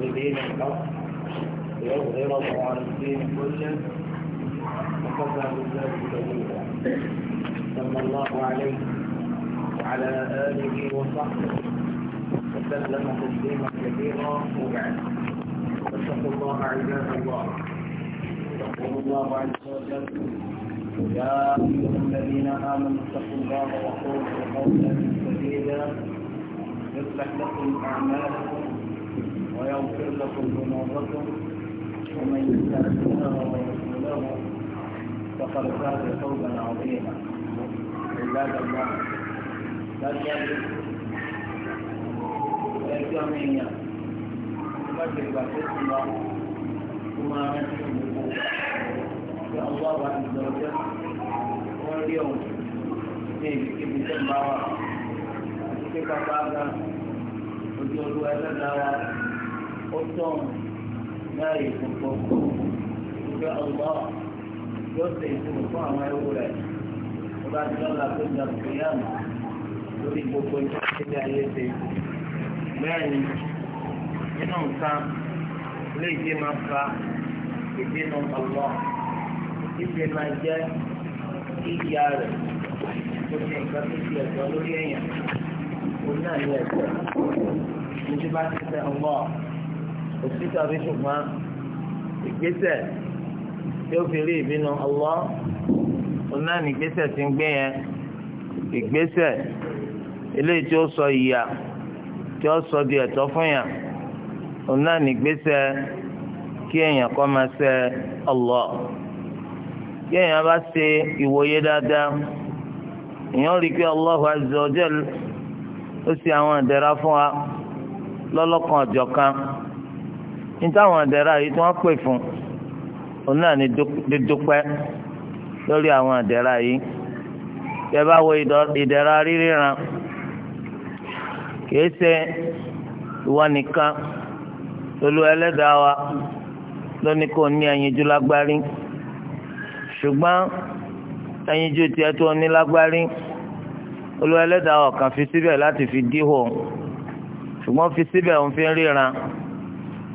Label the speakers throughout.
Speaker 1: ودين الحق يظهر على الدين كله وكفى بالله سبيلا صلى الله عليه وعلى آله وصحبه وسلم تسليما كثيرا وبعد فاتقوا الله عباد الله يقول الله عز وجل يا أيها الذين آمنوا اتقوا الله وقولوا قولا سديدا يصلح لكم أعمالكم ويغفر لكم ذنوبكم ومن يطع الله ورسوله فقد فاز فوزا عظيما عباد الله dájúdájú ẹgbẹ́ ọmọ èèyàn bá ti gbà tó ti lọ kó máa rántí gbogbo ṣé ọwọ́ àwa ìgbà ọjọ́ wọ́n rí ọ̀hún ní ìbíkíbi tó ń bá wa àti pé bàbá àgbà ojú olú ẹlẹ́dàá wa ọjọ́ láàyè púpọ̀ ìgbà ọgbà yóò ṣe ìṣòro fún àwọn ẹwù rẹ̀ tó bá ti lọ́la tó ń dàbí yàmù lórí gbogbo ìṣẹ́lẹ̀ ayé ṣe. bẹ́ẹ̀ ni nínú nǹkan lè jẹ́ máa fa ìdínà ọlọ́ ìṣe máa
Speaker 2: jẹ́ òsì tàbí ṣùgbọ́n ìgbésẹ̀ tí ó fi rí ìbínú Allah ọ̀nà ní ìgbésẹ̀ tí ń gbé yẹn ìgbésẹ̀ eléyìí tí ó sọ ìyà tí ó sọ di ẹ̀tọ́ fún yàn ọ̀nà ní ìgbésẹ̀ kí èèyàn kọ́ máa ṣe Allah kí èèyàn bá ṣe ìwòye dáadáa èèyàn rí i pé Allahu azza wa ó ṣe àwọn ìdẹ̀ra fún wa lọ́lọ́kan ọ̀jọ̀kan nítawọn àdẹ̀rà yìí tí wọ́n pè fún òun náà ní dídúpẹ́ lórí àwọn àdẹ̀rà yìí tẹ bá wo ìdẹ̀rà ríríran kìí ṣe ìwọ nìkan lólu ẹlẹ́dàá wa lóní kò ní ẹyinjú lágbárí ṣùgbọ́n ẹyinjú tiẹ̀ tó ní lágbárí olú ẹlẹ́dàá ọ̀kan fi síbẹ̀ láti fi díhò ṣùgbọ́n fi síbẹ̀ òun fi ríran.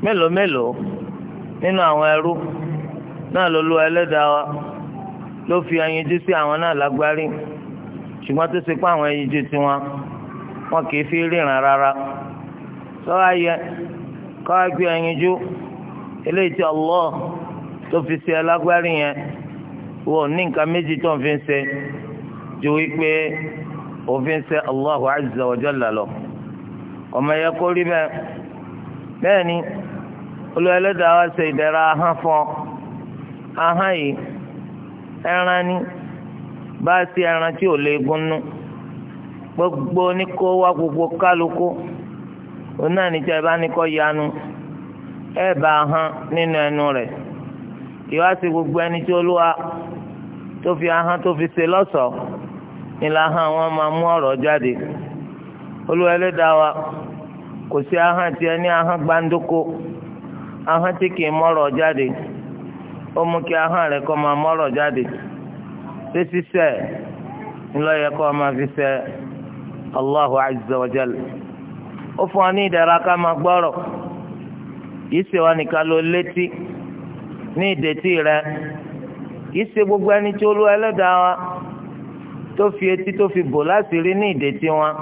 Speaker 2: mélòó mélòó nínú àwọn ẹrú náà ló ẹlẹ́dàá wa ló fi ẹyinjú sí àwọn náà lágbárí ṣùgbọ́n tó ṣe pé àwọn ẹyinjú tiwọn wọn kì í fi ríran rárá sọ́wọ́ ayẹ káwá gbé ẹyinjú eléyìí tí Allah tó fi ṣe lágbárí yẹn wọ ní nǹkan méjì ju wípé òfin ṣe Allahu azza wa jalla lọ ọmọ yẹ kó olú ẹlẹ́dàá wa ṣe ìdẹ̀ra ahọ́n fún ọ ahọ́n yìí ẹran ni bá a ṣe ẹran tí ò lè gún nú gbogbo ní kó wá gbogbo kálukú òun náà níjà ẹ bá ní kọ́ yanu ẹ bá a hàn nínú ẹnu rẹ̀ ìwá sí gbogbo ẹni tí olúwa tó fi ahọ́n tó fi ṣe lọ́ṣọ̀ọ́ nílà ahọ́n wọn máa mú ọ̀rọ̀ jáde olúwa wa kò sí ahọ́n tiẹ̀ ní ahọ́n gbáǹdókò. ahọ́n tí kì í mọ́rọ̀ jáde ó mú kí ahọ́n rẹ̀ kọ́ máa mọ́rọ̀ jáde ṣé sísẹ́ ńlọ́yẹ kọ́ máa fi sẹ́ Allahu azza ó fún wa ní ìdára ká máa gbọ́rọ̀ ṣe wa nìkan ló létí ní gbogbo ẹni tí olú ẹlẹ́dàá wa tó fi etí tó fi bò láti rí ní ìdẹ̀tí wọn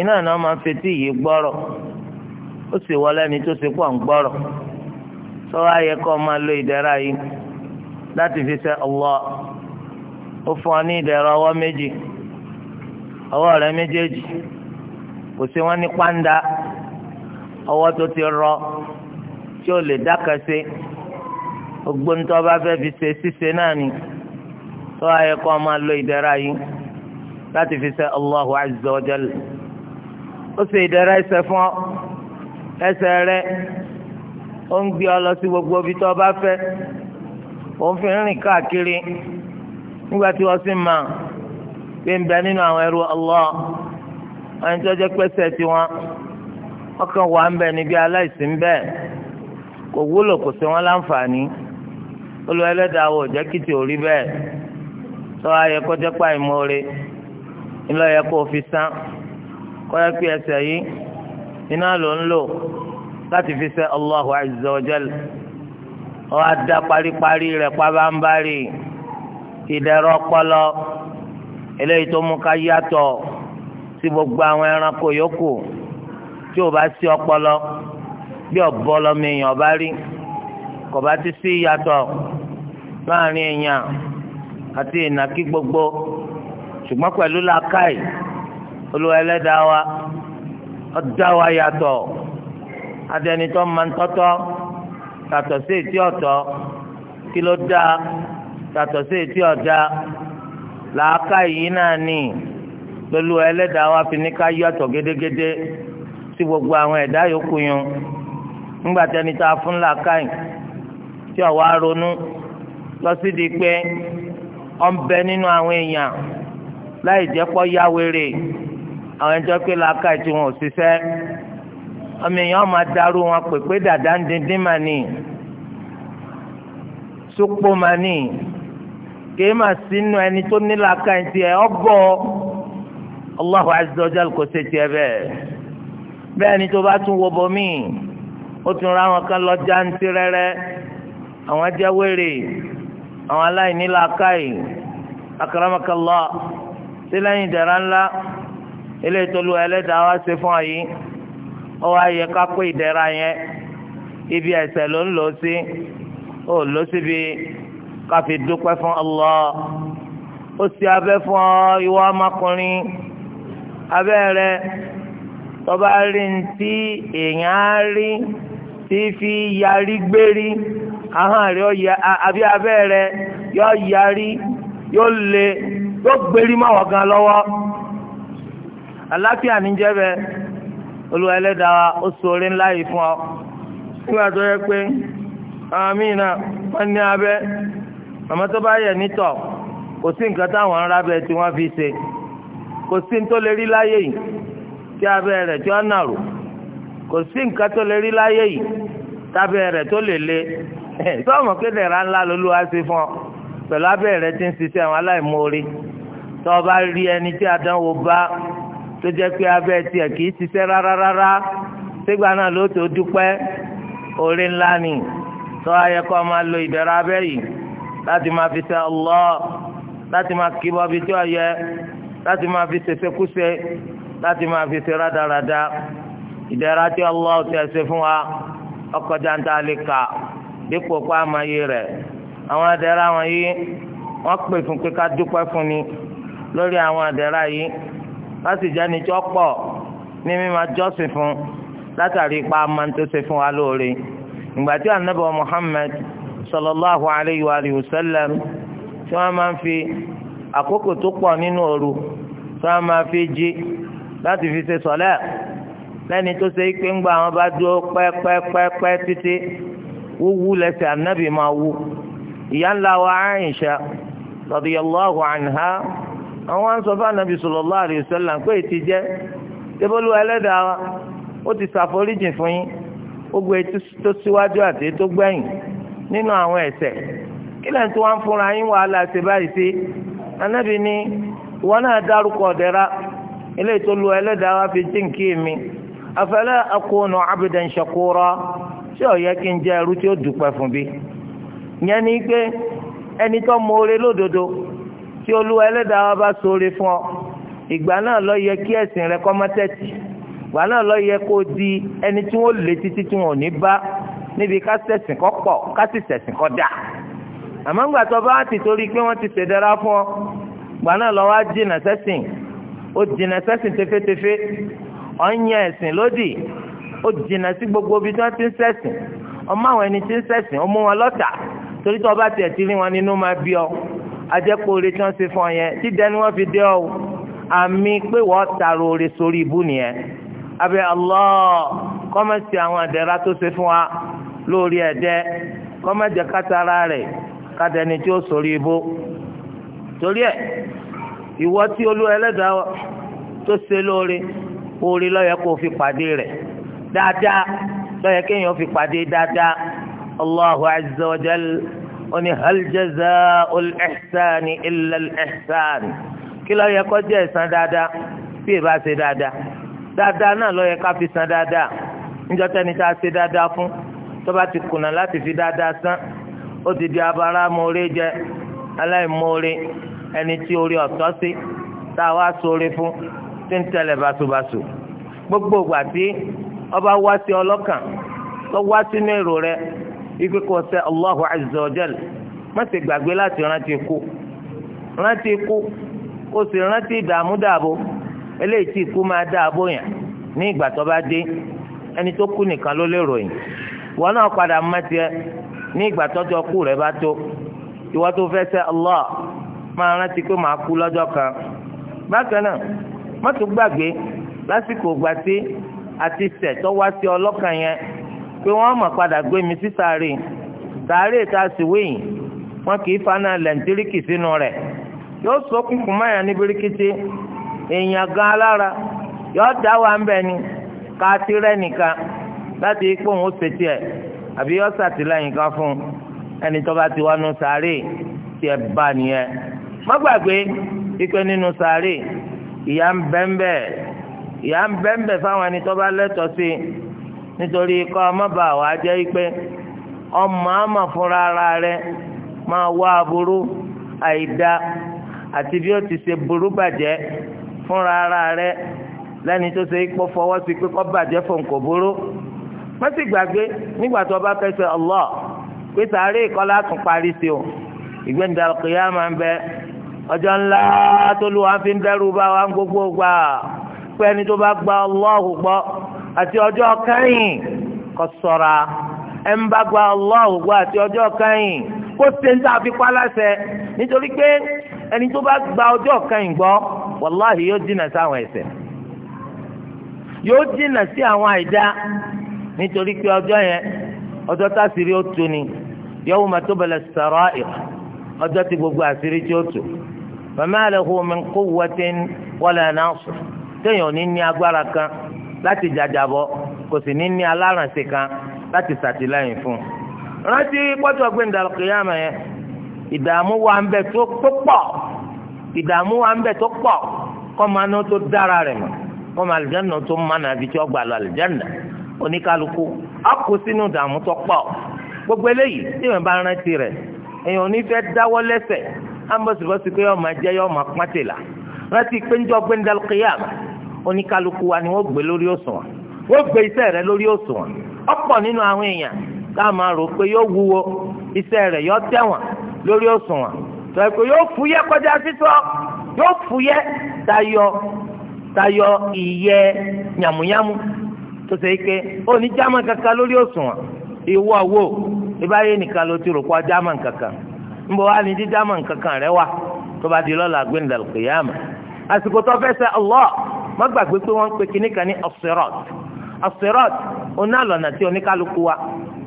Speaker 2: iná náà máa fetí ó sì wọ lẹ́ni tó ṣe pọ̀ ń gbọ́rọ̀ tó wá lo yìí láti fi ṣe Allah ó fún ọ ní ìdẹ̀ra ọwọ́ méjì ọwọ́ rẹ méjèèjì kò sí wọn ní pàǹdà ọwọ́ tó ti rọ tí ó lè dákẹ́sẹ́ gbogbo ń tọ́ bá fẹ́ fi ṣe ṣíṣe náà lo yìí láti fi ṣe Allahu azza wa ó ṣe Ese rẹ ó ń gbé ọ gbogbo ibi tó o bá ó ń fi rìn káàkiri nígbà tí n'inu sì eru pé ń bẹ nínú àwọn ẹrú Allah ẹni tó jẹ́ pẹ́sẹ̀ tiwọn ọkàn wà ń bẹ níbi aláìsí ń bẹ kò wúlò kò sí wọn láǹfààní Olúwa Ẹlẹ́dàá wò jẹ́ kìtì òrí bẹ́ẹ̀ tó ayẹ kó ńlọ yẹ kó fi kó yẹ iná ló ń lò láti fi ṣe Allahu azza wa jal ọ á dá paríparí rẹ̀ pabambari ìdẹ̀rọ ọpọlọ eléyìí tó mú ká yàtọ̀ sí gbogbo àwọn ẹranko yòókù tí o bá sí ọpọlọ bí ọbọlọ lọmọ èèyàn bá rí kò bá ti sí yàtọ̀ láàrin èèyàn àti ìnàkí gbogbo ṣùgbọ́n pẹ̀lú làákàyè olúwa wa. ọ̀dá wa yàtọ̀ adẹnitọ́ máa ń tọ́tọ́ yàtọ̀ sí etí ọ̀tọ̀ kí ló dá yàtọ̀ sí etí ọ̀dá làákà yìí náà nì lólu ẹlẹ́dàá wa fi ní ká yàtọ̀ gédégédé sí gbogbo àwọn ẹ̀dá yòókù yun ńgbà tẹnitọ́ afún làákà yìí tí ọ̀wá ronú lọ sí di pé ọ̀nbẹ nínú àwọn èèyàn láì jẹ́ pọ́ yá wéré àwọn ẹjọ́ pé làákàyè tí wọn ò ṣiṣẹ́ ọmọ èèyàn máa darú wọn pèpè dàda ń díndín mà ní sopó mà ní kì í mà sínú ẹni tó ní làákàyè tiẹ̀ ọgbọ́ Allahu azza wa jal kò ṣe tiẹ̀ bẹ́ẹ̀ bẹ́ẹ̀ ni tó bá tún wo bomi ó tún ra wọn kan lọ jáǹtí rẹ́rẹ́ àwọn jẹ́ wèrè àwọn aláìní làákàyè akaramakallah sílẹ̀ yìí dẹ̀ra ńlá eléyìí tó lu ẹlẹ́dàá wá ṣe fún ọ yìí ó wá yẹ ká pé ìdẹ̀ra yẹn ibi ẹ̀ṣẹ̀ ló ń lò sí ó lò síbi ká fi dúpẹ́ fún Allah ó sì abẹ́ fún ọ ìwọ ọmọkùnrin abẹ́ rẹ tọ́ba rí ní tí èèyàn á rí tí fi yarí gbérí ahọ́n rẹ àbí abẹ́ rẹ yọ yarí yóò le yóò gbérí máwọ̀ gan lọ́wọ́ àlàáfíà ní jẹ́ bẹ́ẹ̀ olúwa ẹlẹ́dàá ó ṣoore ńlá yìí fún ọ nígbà tó yẹ pé àwọn míì náà wọ́n ní abẹ́ àmọ́ tó bá yẹ nítọ̀ kò sí nǹkan táwọn ń rábẹ́ tí wọ́n fi ṣe kò sí ní tó lè rí láyé yìí tí abẹ́ rẹ̀ tí wọ́n nà rò kò sí nǹkan tó lè rí láyé yìí tábẹ́ rẹ̀ tó lè le sọ́ọ̀mù kéde ńlá lolúwa ṣe fún ọ pẹ̀lú abẹ́ rẹ̀ ti ń ṣiṣẹ́ àwọn aláìmoore tó bá rí ẹni tí adánwò bá tó jẹ́ pé abẹ́ tiẹ̀ kì í ṣiṣẹ́ rárá rárá sígbà náà ló tó dúpẹ́ orí ńlá ni tó ayẹ kó máa lo ìdẹ̀ra abẹ́ yìí láti máa fi ṣe ọlọ́ láti máa kí bọ́bi tí ó láti máa fi ṣèṣekúṣe láti máa fi ṣe rádaràda tí ti ṣe fún wa ọkọ̀ lè kà dípò rẹ̀ àwọn wọ̀nyí láti jáni tí ó pọ̀ ní mímá jọ́sìn fún látàrí ipa máa ń tó ṣe fún wa lóore ìgbà tí ànábì Muhammad sallallahu alayhi wa sallam tí wọ́n máa ń fi àkókò tó pọ̀ nínú òru tí wọ́n máa fi jí láti fi ṣe sọ̀lẹ́ lẹ́ni tó ṣe pé ńgbà wọn bá dúró pẹ́pẹ́pẹ́pẹ́ títí wúwú lẹ́sẹ̀ ànábì máa wú ìyá ńlá wa Aisha radiyallahu anha. àwọn á ń sọ fún anabi sallallahu alaihi wasallam pé ètí jẹ́ tébólú ẹlẹ́dàá wa ó ti ṣàforíjì fún yín gbogbo e tó síwájú àti tó gbẹ̀yìn nínú àwọn ẹ̀ṣẹ̀ kí lẹ́yìn tí wọ́n fúnra yín wàhálà ṣe báyìí sí anabi ni ìwọ náà dárúkọ ọ̀dẹ́ra eléyìí tó lu ẹlẹ́dàá wa fi jíǹkì mi afala akunu abdan shakura ṣé kí n jẹ́ ẹrú tí ó fún tí olúwa ẹlẹ́dàá wa bá ṣoore fún ọ ìgbà náà ló yẹ kí ẹ̀sìn rẹ kó má tẹ̀tì ìgbà náà ló yẹ kó di ẹni tí wọ́n lé títí tí wọ́n ò ní bá níbi ká ṣẹ̀sìn kó pọ̀ ká sì ṣẹ̀sìn kó dà àmọ́ ńgbà tó bá ti torí pé wọ́n ti ṣèdára fún ọ ìgbà náà ló wá jìnà sẹ́sìn ó jìnà sẹ́sìn tefétefé ó ń yan ẹ̀sìn lódì ó jìnà sí gbogbo ibi tí wọ́n ti ń ṣẹ̀sìn ọmọ àwọn ẹni tí ń ṣẹ̀sìn ó mú wọn lọ́tà torí tó bá tiẹ̀ ti rí wọn nínú máa bí ọ ajẹ́pọ̀ọ́rẹ́ tí wọ́n ṣe fún ọ yẹn dídẹ ni wọ́n fi dé ọ àmì pé wọ́n tààrọ̀ oore sórí ibú nìyẹn abẹ́ Allah kọ́mẹ́sì àwọn àdẹ́rà tó ṣe fún wa lórí ẹ̀dẹ́ kọ́mẹ́jẹ kátàrà rẹ̀ kádẹni tí ó sórí ibú torí ẹ̀ ìwọ tí olú ẹlẹ́dàá tó ṣe lóore oore ló yẹ kó fi pàdé rẹ̀ dáadáa ló yẹ kéèyàn fi pàdé dáadáa Allahu azza wa jalla ó ní hal jazaa'ul ihsani illa al ihsan kí ló yẹ kó jẹ́ ẹ̀san dáadáa bí ẹ bá ṣe dáadáa dáadáa náà ló yẹ ká fi san dáadáa níjọ́ tẹ́ni tá a ṣe dáadáa fún tó bá ti kùnà láti fi dáadáa san ó ti di abara moore jẹ aláìmoore ẹni tí orí ọ̀tọ́ sí tá a wá ṣoore fún tí ń tẹ̀lé basubasu gbogbo ìgbà tí ọba wá sí ọlọ́kàn tó wá sínú èrò rẹ ikú kò sẹ́ Allahu azza wa gbàgbé láti rántí ikú rántí ikú ó sì rántí dààbò eléyìí tí ikú máa dààbò yàn ní ìgbà tó bá dé ẹni tó kú nìkan ló ròyìn wọn náà padà mọ tiẹ̀ ní ìgbà tọ́jọ́ kú bá tó tó fẹ́ Allah máa rántí pé màá kú lọ́jọ́ kan bákan náà gbàgbé lásìkò pé wọ́n mọ̀ padà gbé mi sí sáré sáré tá a sì wéyìn wọn kì í faná lẹ́ńtíríkì sínú rẹ̀ yóò sọ kúnkún máyà ní birikiti èèyàn gan alára yóò dá wa ń bẹ ni ká ti rẹ́ nìkan láti ipò òun ó ṣe tiẹ̀ àbí yóò kan fún ẹni tó bá ti wá nu sáré tiẹ̀ bá nìyẹn má gbàgbé ikpe nínú sáré ìyà ń bẹ́ńbẹ́ ń bẹ́ńbẹ́ fáwọn ẹni tó bá lẹ́tọ̀ọ́ sí i. nítorí kọ́ ọmọba àwọn ajẹ́ pé ọmọ àmà fúnra ara rẹ máa wá aburú àìda àti bí ó ti ṣe burú bàjẹ́ fúnra ara rẹ lẹ́ni tó ṣe ipò fọwọ́ sí pé kọ́ bàjẹ́ fún kò burú wọ́n sì gbàgbé nígbà tó bá fẹ́ ṣe Allah pé sàárè ìkọ́lá tún parí sí o ìgbẹ́ndà kìyàmà ń bẹ ọjọ́ ńlá tó lù wá fi ń dẹ́rù bá wa ń gbogbo gbà pé ẹni tó bá gba Allahu gbọ́ àti ọjọ́ kẹ́yìn kó ṣọ́ra ẹ ń bá gba Allah gbọ́ àti ọjọ́ kẹ́yìn kó ṣe ń tàbí pálásẹ̀ nítorí pé ẹni tó bá gba ọjọ́ kẹ́yìn gbọ́ wàláhì yóò jìnnà sáwọn ẹ̀ṣẹ̀ yóò jìnnà sí àwọn àìdá nítorí pé ọjọ́ yẹn ọjọ́ ó tu ni yawma tubla as-sara'ir ọjọ́ ti gbogbo àṣírí tí ó tu téèyàn ò ní ní agbára kan. láti jàjàbọ́ kò sì ní ní alárànṣe kan láti ṣàtìlẹ́yìn fún un. rántí pọ́tò gbẹ̀ndà kìyàmẹ̀ yẹn ìdààmú wa ń bẹ tó pọ̀ ìdààmú wa ń bẹ tó pọ̀ kọ́ máa ná tó dára rẹ̀ mọ̀ kọ́ máa àlùjáná tó mánà àbí tí ó lọ àlùjáná oníkálukú á kó sínú ìdààmú tó pọ̀ gbogbo eléyìí tí èèyàn bá rántí èèyàn ò ní oníkálukú wa ni wọ́n gbé lórí òṣùwọ̀n wọ́n gbé iṣẹ́ rẹ lórí òṣùwọ̀n ọ̀pọ̀ nínú àwọn èèyàn tá a máa rò pé yóò wúwo iṣẹ́ rẹ yóò tẹ̀wọ̀n lórí òṣùwọ̀n tó yóò fúyẹ́ kọjá sísọ yóò fúyẹ́ tayọ tayọ yàmùyàmù tó ṣe kankan lórí ìwọ wo ìbáyé nìkan ló ti rò kankan wa ni kankan rẹ tó bá di lọ́la má gbàgbé pé wọ́n ń pe kinní kan ní as-sirat as-sirat onálọ̀nà tí oníkálukú wa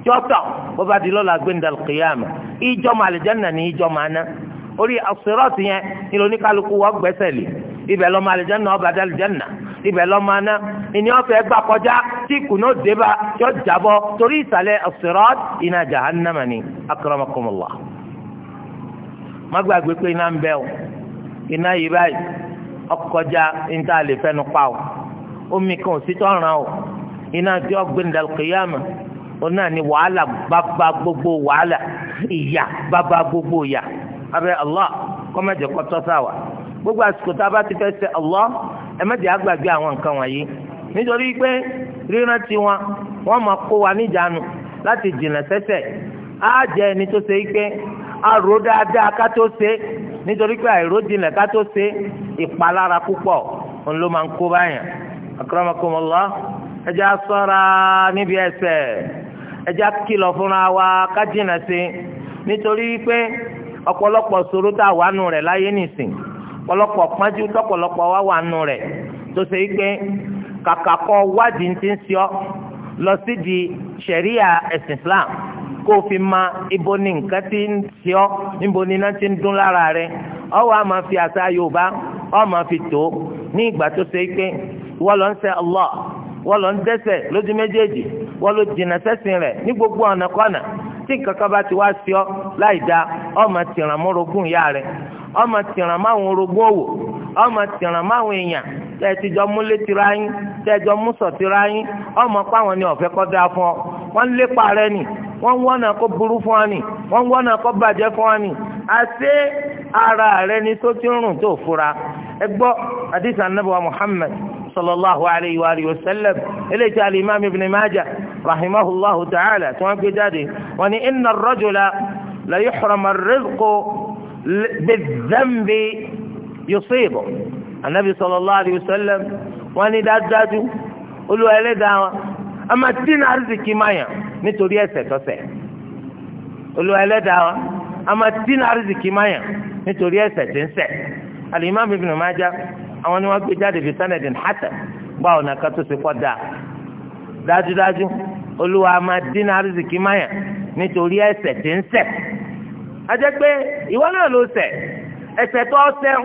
Speaker 2: jọ́tọ̀ bó bá di lọ́la gbẹ̀ndàl qiyama ìjọ máa àlìjáná ní ìjọ máa ná orí as-sirat yẹn ní oníkálukú wa gbẹ́sẹ̀ lé ibẹ̀ lọ́mọ àlìjáná ọba dá àlìjáná ibẹ̀ lọ́mọ aná ìní ọ̀fẹ́ gbà kọjá tí kùnà débà yọ jàbọ̀ torí ìsàlẹ̀ as iná jahannama ni akramakumullah má gbàgbé pé iná ń bẹ́ o iná yìí báyìí ọkọjá níta lè fẹnu pa o omi kan ò sí tọ́ran o iná tí ó gbé ndàlùkìyàmù ó náà ní wàhálà bàbá gbogbo wàhálà ìyà bàbá gbogbo ìyà abẹ́ Allah kọ́mẹ́jẹ kọ́ sáwà gbogbo àsìkò tá a bá ti fẹ ṣe Allah ẹ àgbàgbé àwọn nǹkan a rò dáadáa ká tó nítorí pé àìrójinlẹ̀ ká tó ṣe ìpalára púpọ̀ òun ló máa ń kó báyàn akramakumullah ẹ jẹ́ á ṣọ́ra níbi ẹ̀ṣẹ̀ ẹ jẹ́ á kìlọ̀ fúnra wa ká jìnà sí nítorí pé ọ̀pọ̀lọpọ̀ ṣòro tá a wà nù rẹ̀ láyé nìsín ọ̀pọ̀lọpọ̀ pọ́njú tọ́pọ̀lọpọ̀ wà wà nù rẹ̀ tó ṣe é pé kàkà kọ́ wádìí ti ń ṣọ́ lọ sídìí ṣẹ̀ríà ẹ̀sìn Islam kó ma ibo ni nǹkan ti ń ṣe níbo ni iná ti ń dún lára rẹ ọwọ́ a máa fi àṣà yorùbá ọ máa fi tó ní ìgbà tó ṣe pé wọ́n lọ ń ṣe Allah wọ́n lọ ń dẹ́ṣẹ̀ lójú méjèèjì wọ́n ló jìnnà sẹ́sìn rẹ̀ ní gbogbo ọ̀nà kọ́nà tí bá ti wá láì ọ máa tìràn mọ́ ìyá rẹ ọ máa tìràn ọmọ tìràn máwọn èèyàn tẹ́ ẹ ti jọ múlé tira yín tẹ́ ẹ jọ músọ̀ tira yín ọmọ páwọn ni ọ̀fẹ́ kọ́ da fún ọ wọ́n lépa rẹ nì wọ́n wọ́nà kó burú fún ọ nì wọ́n wọ́nà kó bàjẹ́ fún ọ nì àti ara rẹ ni tó ti rùn tó fura ẹ gbọ́ àdìsí anábọ̀ Muhammad sallallahu alayhi wa alihi wa sallam eléyìí tí alimami ibn Majah rahimahullahu ta'ala tí wọ́n gbé jáde wọ́n ní inna ar-rajula la yuhramu ar-rizqu bi yusibu anabi sallallahu alayhi wa sallam wọ́n ní dájúdájú olúwa ẹlẹ́dàá wọn a máa dín àrísìkì máyà nítorí ẹ̀ṣẹ̀ tọ́ṣẹ̀ olúwa ẹlẹ́dàá wọn a máa dín àrísìkì máyà nítorí ẹ̀ṣẹ̀ tí ń ṣẹ̀ alimami ibn Majah àwọn ni wọ́n gbé jáde fi sanadin hasan gba ọ̀nà kan tó ṣe kọ́ da dájúdájú olúwa a máa dín àrísìkì máyà nítorí ẹ̀ṣẹ̀ tí ń ṣẹ̀ a pé ìwọ náà ló ṣẹ̀ ẹ̀ṣẹ̀ tó ṣẹ̀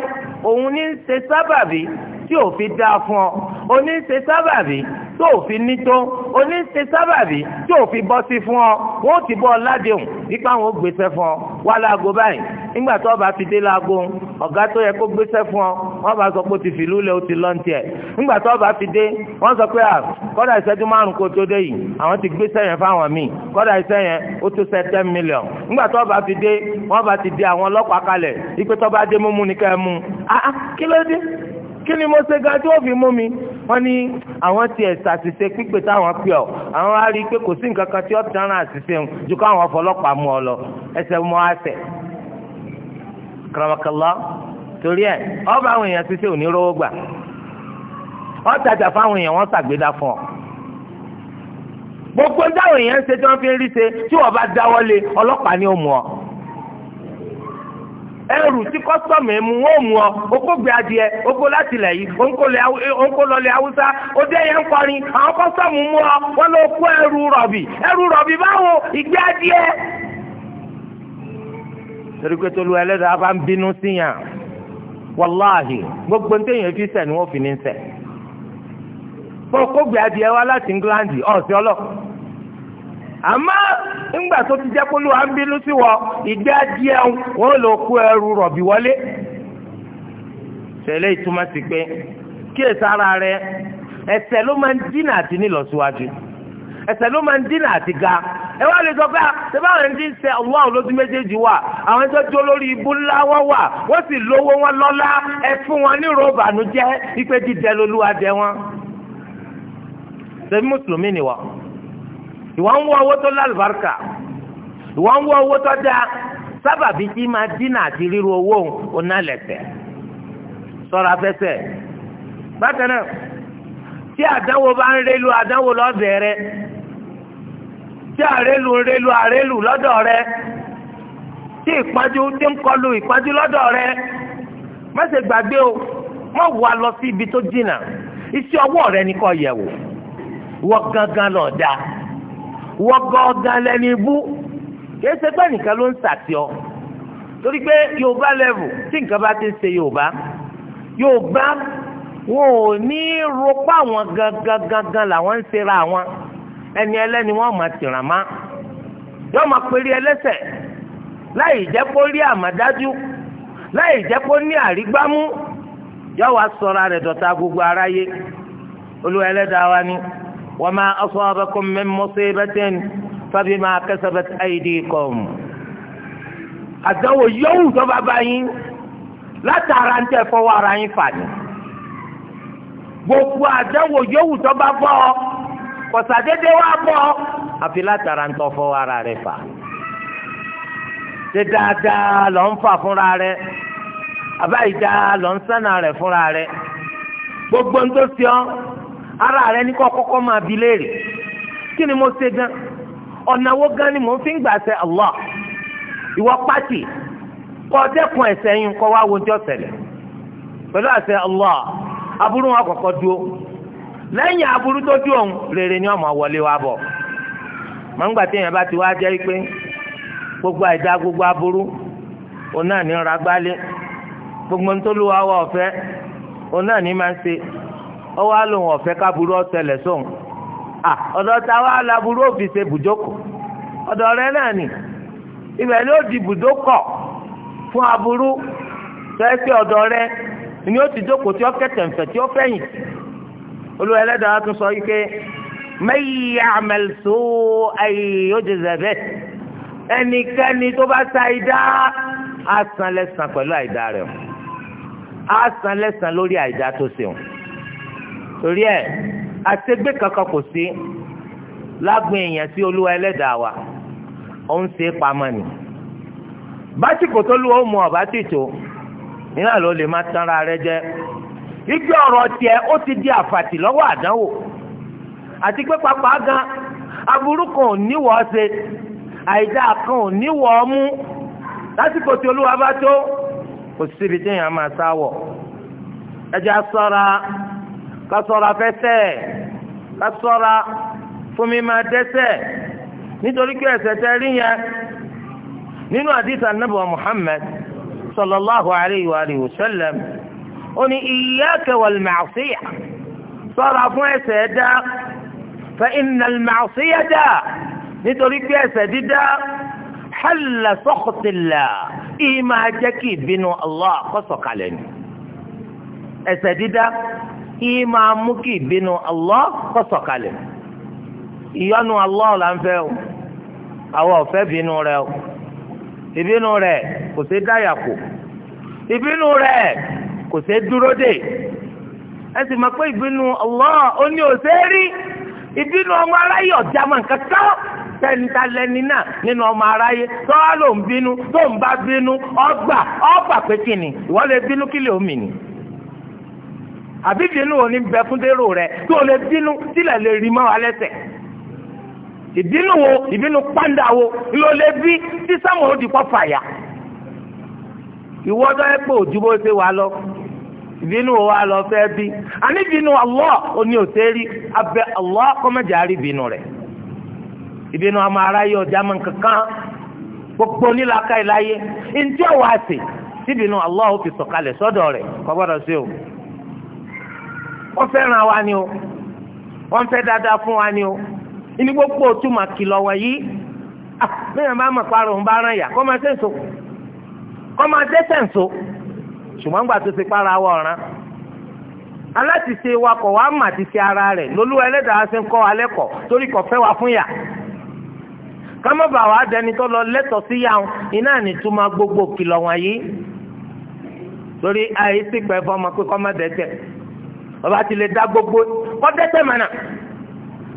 Speaker 2: òun ní ṣe sábàbí tí ò fi dáa fún ọ òun ní ṣe sábàbí tó o fi ní tó oníṣe sábàbí tó o fi bọ́ sí fún ọ wọ́n ti bọ́ ọ ládéhùn nípa àwọn ó gbèsè fún ọ wá láago báyìí nígbà tó o bá fi dé láago ọ̀gá tó yẹ kó gbèsè fún ọ wọ́n bá sọ pé o ti fìlú lẹ̀ o ti lọ́n tiẹ̀ nígbà tó o bá fi dé wọ́n sọ pé à kọ́dà ìṣẹ́jú márùn kó tó dé yìí àwọn ti gbèsè yẹn fáwọn míì kọ́dà ìṣẹ́ yẹn ó tó ṣe ten million nígbà tó o bá fi dé wọ́n bá ti di àwọn ọlọ́pàá kalẹ̀ ìpè tó bá dé mú mú ni ká ẹ mú ah kí ló dé kí ni mo ṣe ga tí wọ́n fi mú mi wọ́n ní àwọn ti ẹ̀sà àṣìṣe pípé táwọn pè ọ́ àwọn á rí i pé kò sí nǹkan kan tí wọ́n tẹ́ràn àṣìṣe ń ju káwọn ọ̀fọlọ́pàá mú ọ lọ ẹsẹ̀ mọ́ àṣẹ. kàràmàkàlá torí ẹ ọba àwọn èèyàn ṣiṣẹ́ ò ní gbà ọ fáwọn èèyàn wọ́n ṣàgbéda fún ọ. gbogbo dáwọn èèyàn ṣe tí wọ́n fi ń rí ṣe tí wọ́n bá dáwọ́lé ẹrù tí kọstọm ẹ̀mú wọn ò mú ọ okógbé adìẹ okó láti ilẹ̀ yìí ònkó lọlẹ̀ haúsá òde yẹn ń kọrin àwọn kọ́sítọ́mù mú ọ wọn lọ kó ẹrù rọ̀bì ẹrù rọ̀bì báwo ìgbé adìẹ. torí pé tolú ẹlẹ́dàá bá ń bínú gbogbo ní téèyàn fi sẹ̀ ni wọ́n fi ní sẹ̀. adìẹ wá láti àmọ́ ńgbà tó ti jẹ́ polówó à ń bínú sí wọ ìgbé adìẹ wọn lò kó ẹrù rọ̀bì wọlé tẹ̀lé ìtumọ̀ sí pé kí èso ara rẹ ẹsẹ̀ ló máa ń dínà àti nílọsíwájú ẹsẹ̀ ló máa ń dínà àti ga ẹ wá lè sọ pé ṣẹbi àwọn ẹni tí ń sẹ ọwọ́ àwọn olójú méjèèjì wà àwọn ẹjọ́ tí olórí ibú ńlá wọ́n wà wọ́n sì lówó wọn lọ́lá ẹ fún wọn ní ròbànújẹ́ ipe dídẹ lolúwa wọn. ṣé mùsùlùmí ni wọ́n. ìwọ ń owó tó lálùbáríkà ìwọ ń owó tó dá sábàbí kí máa dínà àti ríru owó onálẹ̀tẹ̀ sọ́ra fẹsẹ̀ bákan náà tí àdánwò bá ń rélu àdánwò lọ́dẹ̀ rẹ tí àrélu ń àrélu lọ́dọ̀ rẹ tí ìpájú tí ń kọlu ìpájú lọ́dọ̀ rẹ rẹ ni kò yẹ̀ wò wọ́n lọ́ọ̀ wọ́n gọ́ọ̀gán lẹ́ni bú kìí ṣe pé nìkan ló ń sàtì ọ torí pé yorùbá lẹ́vù tí nǹkan bá ti ń ṣe yorùbá yorùbá wọn ò ní ropá wọn gangan gangan làwọn ń ṣera wọn ẹni ẹlẹ́ni wọn máa tìràn má yóò máa péré ẹlẹ́sẹ̀ láì jẹ́ kó rí àmàdájú láì jẹ́ kó ní àrígbámú yóò wá sọra rẹ̀ dọ̀tá gbogbo aráyé olúwa ẹlẹ́dàá wa ni. وما أصابكم من مصيبة فبما كسبت أيديكم àdáwò yóò tó bá bá yín látara ń tẹ fọwọ́ ara yín fà ní. gbogbo àdáwò yóò tó bá bọ́ ọ kọ̀sàdédé wá bọ́ ọ àfi látara ń tọ́ fọwọ́ ara rẹ fà. ṣé dáadáa lọ ń fà fúnra rẹ àbáyé dáa lọ ń sànà rẹ fúnra rẹ gbogbo ń tó ṣe ọ́ ara rẹ ní ọkọkọ kọ́kọ́ máa bi léèrè kí ni mo ṣe gan ọ̀nà wo gan ni mò ń fi ń gbà ṣe Allah ìwọ pátì kọ́ dẹ́kun ẹ̀ṣẹ̀ yín kọ́ wá wo ọjọ́ a àṣẹ Allah aburú wọn kọ̀kọ́ dúró lẹ́yìn aburú tó dúró rere ni ọmọ wọlé wa bọ. mọ̀ ń gbà bá ti wá gbogbo àìdá gbogbo aburú òun náà ní gbogbo òun náà ní máa ó wá lòun ọ̀fẹ́ káburú ọ̀tẹlẹ̀ sóun à ọ̀dọ̀ ta wá laburú òfin ṣe bùjókò ọ̀dọ̀ rẹ náà nì ibẹ̀ ni ó di bùdókọ̀ fún aburú tó ẹ pé ọ̀dọ̀ rẹ ni ó ti jókòó tí ó kẹtẹ̀ǹfẹ̀ tí ó fẹ̀yìn olú ẹlẹ́dàá tún sọ yìí pé mẹ́yì àmẹ́lẹ́sọ ayé ó jẹ zẹ̀bẹ̀ ẹnikẹ́ni tó bá ta idá á san lẹ́san pẹ̀lú àìdá rẹ̀ o á lórí àìdá tó ṣe o. torí ẹ̀ àtẹgbé kankan kò sí lágbọn èèyàn sí olúwa ẹlẹ́dàá wa ó ń ṣe é pamọ́ ni bátìkò tó lù ó mu ọ̀bá tìtò nígbà ló lè má tanra rẹ jẹ ibi ọ̀rọ̀ tiẹ̀ ó ti di àfàtì lọwọ àdánwò àti pé pápá gan aburú kan ò níwọ̀ ṣe àìdá kan ò níwọ̀ mú lásìkò tí olúwa bá tó kò ma téèyàn máa ká ṣọ́ra fẹ́ṣẹ̀ ká ṣọ́ra fún mi máa dẹ́ṣẹ̀ nítorí pé ẹ̀ṣẹ̀ tẹ́ rí yẹn nínú àdìsá nàbọ̀ Muhammad sallallahu alayhi wa alihi wa sallam ó ní iyyaka wal ma'siyah ṣọ́ra fún ẹ̀ṣẹ̀ dá fa innal ma'siyah dá nítorí pé ẹ̀ṣẹ̀ dídá halla sọ́kùtìlà ìyí máa jẹ́ kí ìbínú Allah kó sọ̀kalẹ̀ ni ẹ̀ṣẹ̀ dídá. yìí ma kí ìbínú Allah kó sọ̀kalẹ̀ Allah là ń fẹ́ o àwọn ọ̀fẹ́ bínú rẹ o rẹ kò ṣe dáyàkò ìbínú rẹ kò ṣe dúró dè ẹ sì máa pé ìbínú Allah ó ní rí ìbínú ọmọ aráyé ọ̀já mọ̀ nǹkan náà nínú ọmọ ló ń bínú àbí bínú òní bẹ fún dérò rẹ tó o lè bínú sílẹ̀ lè rí mọ́ alẹ́ tẹ̀ ìbínú wo ìbínú pàǹdà wo ló lè bí tí sáwọn ò dìpọ̀ fàyà ìwọ́dọ̀ ẹ pé òjú bó ṣe wà lọ ìbínú wo wà lọ fẹ́ bí àní ìbínú Allah òní ò ṣe rí abẹ Allah kọ́mẹ́jà rí ìbínú rẹ̀ ìbínú ọmọ aráyé ọjà mọ kankan gbogbo onílàkà ìláyé ntí ọwọ́ àṣẹ tí ìbínú Allah fi sọ̀kalẹ̀ sọ́dọ̀ rẹ̀ kọ́ gbọ́dọ̀ sí o. wọ́n fẹ́ràn wa ni o wọ́n fẹ́ dáadáa fún wa ni o inú gbogbo òtúmọ̀ kìlọ̀ wọ̀nyí ah, bẹ́ẹ̀ bá mọ̀ parọ́ ń bá rán yà kọ́ máa ṣe ń kọ́ máa dẹ́sẹ̀ ń ṣùgbọ́n gbà tó ti para wa ọ̀ràn mà ti ara rẹ̀ lólúwa ẹlẹ́dàá ṣe ń kọ́ alẹ́ kọ̀ torí kọ̀ fẹ́ wa fún yà kámọ́bà wa dẹni tó lọ lẹ́tọ̀ọ́ sí yà ń iná nìtúmọ̀ gbogbo kìlọ̀ wọ̀nyí torí àìsí pẹ̀ fọmọ pé kọ́ máa dẹ́sẹ̀ bàbá ti lè dá gbogbo kọ́dẹ́tẹ̀ mọ̀nà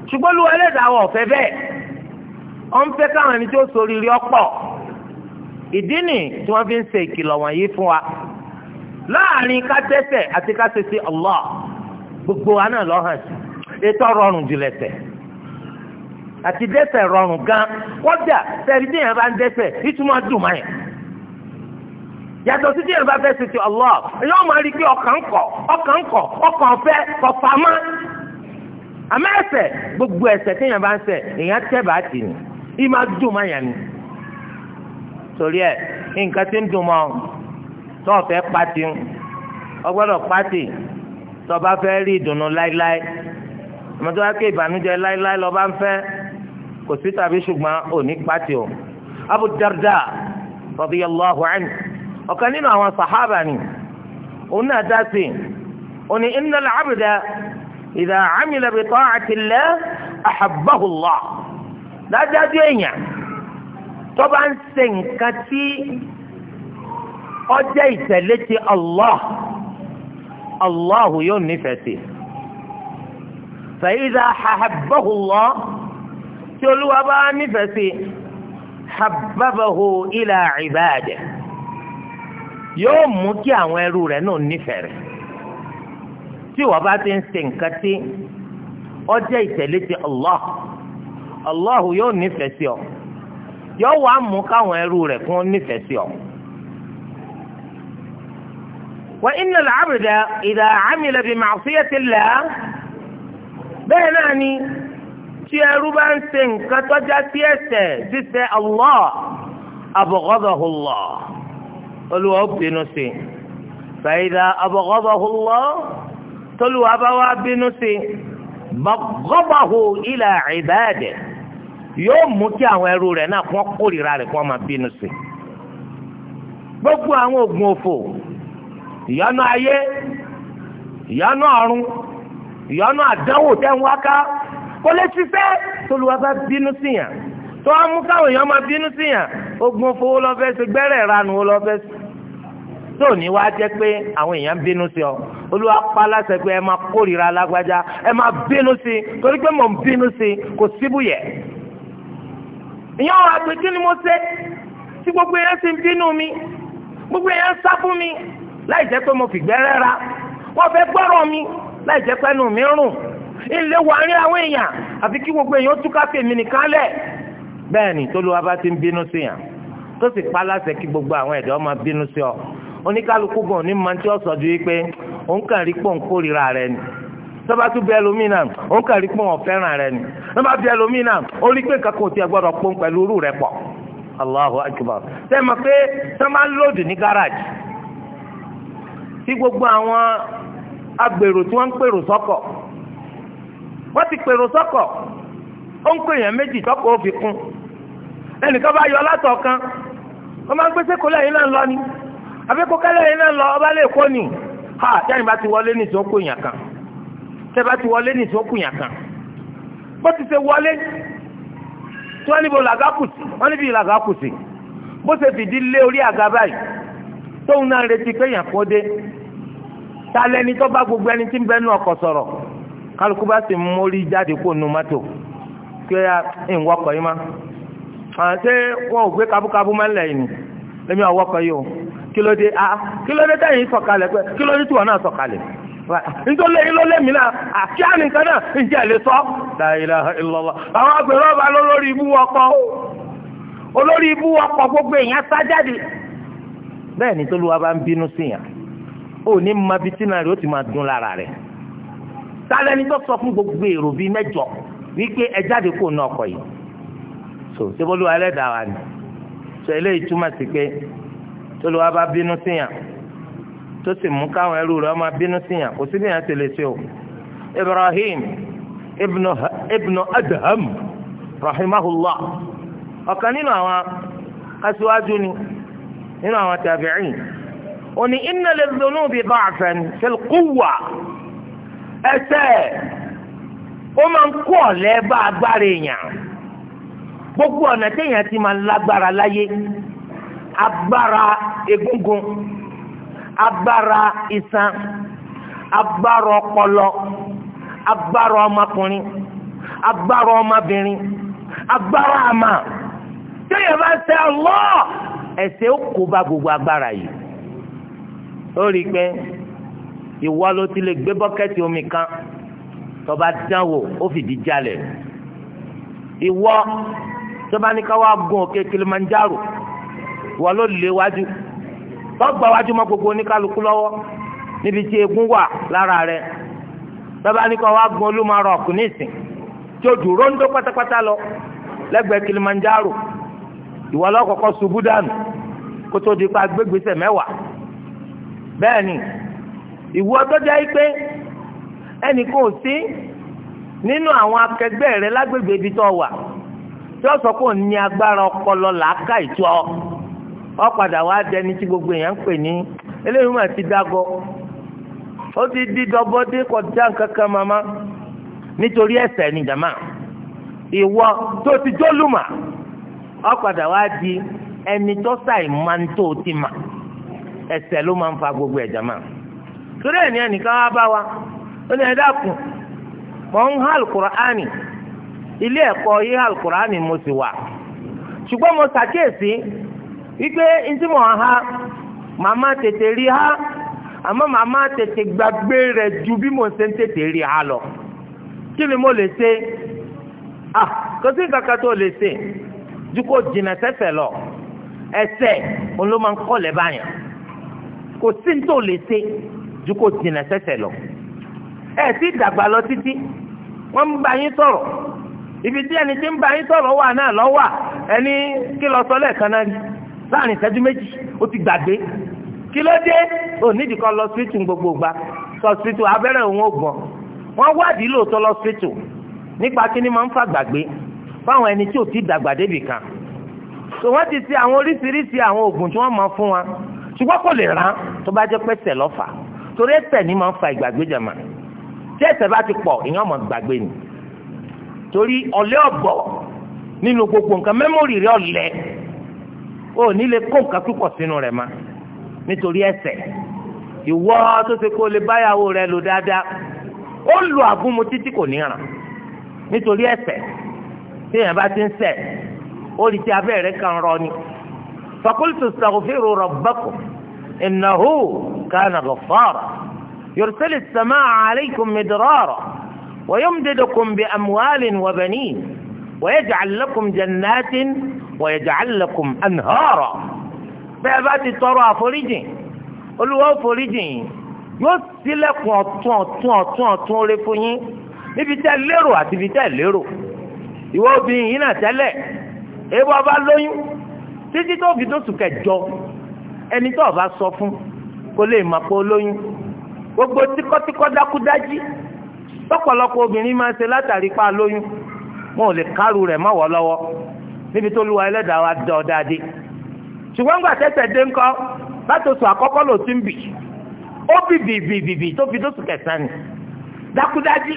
Speaker 2: ṣùgbọ́n lu ẹlẹ́dàá ọ̀fẹ́ bẹ́ẹ̀ ọ ń fẹ́ káwọn ẹni tó ṣoríire ọ̀pọ̀ ìdí nì tí wọ́n fi ń ṣe ìkìlọ̀ wọ̀nyí fún wa láàrin kátẹ́sẹ̀ àti kásẹsẹ Allah gbogbo wa náà lọ́ hàn sí ètò rọrùn jù lẹ́sẹ̀ àti dẹ́ṣẹ̀ rọrùn gan kọ́dà tẹ̀rí dẹ́yìn bá ń dẹ́ṣẹ̀ ìtumọ̀ dùn máa yẹn yàtọ̀ sí tí yẹn bá fẹ́ ṣe ti Allah yóò máa rí i pé ọkàn kọ̀ ọkàn kọ̀ ọkàn fẹ́ kọ̀ pamọ́ àmọ́ ẹ̀ṣẹ̀ gbogbo ẹ̀ṣẹ̀ tí yẹn bá ń ṣẹ̀ èèyàn tẹ́ bá ti ní í máa dùn máa yàn ní. torí ẹ nǹkan tí ń dùn mọ́ tó o fẹ́ pati o gbọ́dọ̀ pati tó o bá fẹ́ rí ìdùnnú láíláí àmọ́ tó bá ké ìbànújẹ́ láíláí lọ́ọ́ bá ń fẹ́ kò sí tàbí ṣùgbọ́n ò ní o Abu Darda radiyallahu anhu ọ̀kan nínú àwọn sàhábà ni òun náà dá sí òun ni innal abda idha amila bi ta'ati Allah ahabbahu Allah dájájú èèyàn tó bá ń ṣe nǹkan tí ọjẹ́ ìtẹ̀lé ti Allah Allah yóò nífẹ̀ẹ́ sí fa idha tí olúwa bá nífẹ̀ẹ́ sí habbabahu ila ibadihi. yóò mú kí àwọn ẹrú rẹ̀ náà nífẹ̀ẹ́ tí wọ́n bá ti ń ṣe nǹkan tí ó jẹ́ ìtẹ̀lé ti Allah Allah yóò nífẹ̀ẹ́ sí ọ yóò wá mú káwọn ẹrú rẹ̀ kún nífẹ̀ẹ́ sí ọ. bi ma'siyati Allah bẹ́ẹ̀ náà ni tí ẹrú Allah Allah. olúwa ó bínú sí i fàyídà abọ́gọ́bọ̀hù lọ tólúwa bá wá bínú sí i bọ́gọ́bọ̀hù ilà ìbáàdẹ̀ yóò mú kí àwọn ẹrú rẹ̀ náà kọ́ kórìíra rẹ̀ kọ́ máa bínú sí i gbogbo àwọn oògùn òfò ìyanu ayé ìyanu ọ̀run ìyanu àdánwò tẹ́wọ́ká kò lè ṣiṣẹ́ tólúwa bá bínú sí yàn tó wá mú káwọn èèyàn máa bínú sí yàn oògùn òfò wo lọ fẹ́ ṣe gbẹ́rẹ̀ ìranu wo lọ fẹ́ ṣe tó ní wá jẹ́ pé àwọn èèyàn ń bínú sí ọ olúwa pa láṣẹ pé ẹ máa kórìíra alágbájá ẹ máa bínú sí torí pé mò ń bínú sí kò síbùyẹ ìyẹn wà pé ni mo ṣe tí gbogbo èèyàn sì ń bínú mi gbogbo èèyàn sá fún mi láì jẹ́ pé mo fìgbẹ́rẹ́ ra wọ́n fẹ́ gbọ́rọ̀ mi láì jẹ́ pé ẹnu mi rùn ilé wà ní àwọn èèyàn àfi kí gbogbo èèyàn túká fèmí nìkan lẹ̀ bẹ́ẹ̀ ni tólúwa bá ti ń bínú sí yàn tó sì pa kí gbogbo àwọn ẹ̀dọ́ máa bínú sí ọ oníkálukú gan ní ma ti ọ̀sọ̀ ju wípé òun kàn rí pọ̀ ń rẹ ni tọ́ba tún bẹ́ẹ̀ náà òun kàn rí pọ̀ ń fẹ́ràn rẹ ni tọ́ba bẹ́ẹ̀ náà ó rí pé kankan ò tiẹ̀ gbọ́dọ̀ pọ̀ pẹ̀lú irú rẹ pọ̀ Allahu akbar ṣe mọ̀ pé tọ́ máa ń lòdì ní gáràjì tí gbogbo àwọn agbèrò tí wọ́n ń pèrò sọ́kọ̀ wọ́n ti pèrò sọ́kọ̀ ó ń pèèyàn méjì tọ́kọ̀ ó fi kún ẹnìkan bá yọ látọ̀ kan wọ́n máa ni. àfikún kálẹ̀ yìí náà lọ ọba lè kó ni ha tẹ́yìn bá ti wọlé ní ìsókù yàn kan tẹ́yìn bá ti wọlé ní ìsókù yàn kan bó ti ṣe wọlé tí wọ́n níbo làgá kù sí wọ́n níbi làgá kù sí bó ṣe fìdí lé orí àga báyìí tóun náà retí pé yàn kó dé ta lẹni tó bá gbogbo ẹni tí ń bẹ́nu ọkọ̀ sọ̀rọ̀ kálukú bá sì mú jáde kó nu mọ́tò kí ẹ ń wọkọ̀ yìí má ṣé wọn ò gbé kabúkabú mọ́lẹ̀ yìí ni lẹ́mi ọ̀wọ́kọ̀ yìí o kí ló dé ah kí ló dé tẹ̀yìn sọ̀kalẹ̀ pé kí ló dé tiwọn náà sọ̀kalẹ̀ nítorí lẹ́yìn ló lẹ́mìí náà àti ànìkan náà ìjẹ́ lè sọ. la ilaha illallah àwọn agbèrò ọba lórí ibú ọkọ olórí ibú ọkọ gbogbo èèyàn sá jáde. bẹ́ẹ̀ ni tó lùwà bá ń bínú sí yàn ó ní mabi tí náà rẹ̀ ó ti máa dún lára rẹ̀. sálẹ̀ ni tó sọ fún gbogbo èrò bíi mẹ́jọ wípé ẹ jáde kó náà ọkọ̀ yìí. so ṣé bọ́lú alẹ́ tólúwa bá bínú síyàn tó sì mú káwọn ẹrú rẹ̀ máa bínú síyàn kò sí bíyàn ṣe lè ṣe o Ibrahim ibnu Adham rahimahullah ọ̀kan nínú àwọn aṣíwájú ni nínú àwọn tàbíìn ó ní inna lidhunubi da'fan fil quwwa ẹsẹ̀ ó máa ń kọ́ ọ̀lẹ́ bá agbára èèyàn gbogbo ọ̀nà téèyàn ti máa ń lágbára láyé agbára egungun agbára isan, agbára ọpọlọ agbára ọmọkùnrin agbára ọmọbìnrin agbára àmà téèyàn bá ṣe ọlọ ẹsẹ ó kó bá gbogbo agbára yìí ó rí i pé ìwọ ló ti lè gbé bọ́kẹ́tì omi kan tọba dánwò ó fìdí jalè ìwọ tọba ní ká wá gun òkè Kilimanjaro wọ́n ló lè wájú wọ́n gba wájú mọ́ gbogbo oníkálukú lọ́wọ́ níbi tí egun wà lára rẹ̀ bàbá ní kọ́ wá gun olúmọ rock nísìn tí o dúró ń dó pátápátá lọ lẹ́gbẹ̀ẹ́ Kilimanjaro ìwọ lọ́kọ̀ọ́kọ́ ṣubú dànù kó tó di pa gbégbèsè mẹ́wàá bẹ́ẹ̀ ni ìwọ tó jẹ́ pé ẹnì kò sí nínú àwọn akẹgbẹ́ rẹ lágbègbè ibi tó wà tí ó sọ pé òun ní agbára ọpọlọ làákà ìtọ́ ọ padà wá dẹni tí gbogbo èèyàn ń pè ní eléyìí mà ti dágọ ó ti di dọbọdé kọjá kankan mama nítorí ẹsẹ ni jàmá ìwọ tó ti jólùmọ ọ padà wá di ẹni tó ṣàì máa ń tó ti mà ẹ̀ṣẹ̀ ló máa ń fa gbogbo ẹ jàmá torí ẹni ẹnìkan wá bá wa ó ní ẹ dákun mọ ń há alukur'ani ilé ẹ̀kọ́ yìí alukur'ani mo sì wà ṣùgbọ́n mo ṣàkíyèsí. ipe ntí ha màmá tètè ha àmọ́ màmá tete gbàgbé rẹ̀ ju bí mò ṣe ń ha lọ kí ni mo lè ṣe ah kò sí nǹkan kan tó lè ṣe ju lọ ẹ̀ṣẹ̀ òun ló máa ń kọ́ lẹ́ báyàn kò sí ní lọ ẹ̀ sì dàgbà lọ títí wọ́n ń bá yín sọ̀rọ̀ ibi tí ẹni tí ń bá yín sọ̀rọ̀ wà náà ẹni kí lọ sọ lẹ́ẹ̀kan láàrin ìṣẹ́jú méjì ó ti gbàgbé kí ló dé ò nídìí kan lọ síìtù gbogbo gbà sọ síìtù abẹ́rẹ́ òun ò gbọ́n wọ́n wádìí lóòótọ́ lọ síìtù nípa kí ni máa ń fà gbàgbé fáwọn ẹni tí ò ti dàgbà débì kan tò wọ́n ti ṣe àwọn oríṣiríṣi àwọn oògùn tí wọ́n máa fún wa ṣùgbọ́n kò lè rán tó bá jẹ́ pẹ́sẹ̀ lọ́fà torí ẹ̀ṣẹ̀ ni máa ń fa ìgbàgbé jàmà tí ẹ̀ṣẹ̀ bá ti pọ̀ ìyẹn máa gbàgbé ni torí ọ̀lẹ́ ọ̀bọ̀ nínú gbogbo nǹkan mẹ́mórì rẹ̀ ọ̀lẹ́ o ò ní lè kó nǹkan púpọ̀ sínú rẹ̀ ma nítorí ẹ̀ṣẹ̀ ìwọ tó ṣe kó lè báyàwó rẹ lò dáadáa ó lo àbúmu títí kò ní ràn nítorí ẹ̀ṣẹ̀ tí èèyàn bá ti ń ṣẹ̀ ó lè ti abẹ́rẹ́ kan rọ ni fakultu sàkófìrò rọ̀bàkù ìnáwó kánà gọ̀fọ́rọ̀ yorùsẹ́lẹ̀ sàmà àlẹ́kùn mìdírọ̀rọ̀ wọ́yọ̀mdẹ́dọ̀kùn bí amúhálìn wọ̀bẹ̀nì wọ́yẹ̀jọ̀ àlẹ́kùn jẹ̀nàtìn wa yaj'al lakum anhara bẹ́ẹ̀ bá ti tọrọ àforíjìn olúwa àforíjìn yìí yóò ṣílẹ̀kùn ọ̀tún ọ̀tún ọ̀tún ọ̀tún oore fún yín níbi tẹ́ lérò àti ibi tẹ́ lérò ìwọ obìnrin yìí náà tẹ́lẹ̀ èèbù ọba lóyún títí tó fi tóṣù kẹjọ ẹni tó ọba sọ fún kó lè mọ̀ pé olóyún gbogbo tíkọ́tíkọ́ dákúdájí lọ́pọ̀lọpọ̀ obìnrin máa ń ṣe látàrí pa lóyún wọn ò lè kárù rẹ̀ mọ́wọ́ lọ́wọ́ níbi tó lu ẹlẹ́dàá wa dọ̀ dáadé ṣùgbọ́n gbà tẹ́tẹ̀ dé ńkọ́ láti oṣù àkọ́kọ́ ló ti ń bì ó bì bì bì bì bì tó fi lóṣù kẹsàn-án ni dákúdájí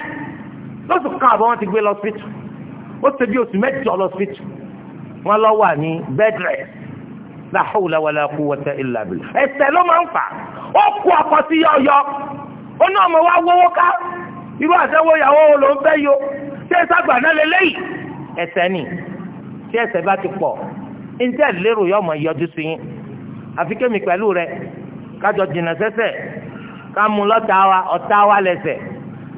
Speaker 2: lóṣù kan àbọ̀ wọn ti gbé lọ síìtù ó ṣe bí oṣù mẹ́jọ lọ síìtù wọn lọ wà ní bẹ́ẹ̀dẹ̀rẹ̀ la hawla wala quwwata illa billah ló máa ń fà ó kú ọkọ sí yọ̀ọ̀yọ̀ ó náà mọ̀ wá wọ́wọ́ ká irú àtẹ́wọ́ ìyàwó ló ń fẹ́ yo ṣé ságbà náà lélẹ́yìí ẹsẹ̀ ni tí ẹ̀ṣẹ̀ bá ti pọ̀ ńjẹ́ lérò yọ ọmọ yọjú sí yín àfi kémi pẹ̀lú rẹ kájọ jìnnà sẹ́sẹ̀ ká mú lọ́tà wa ọ̀tá wa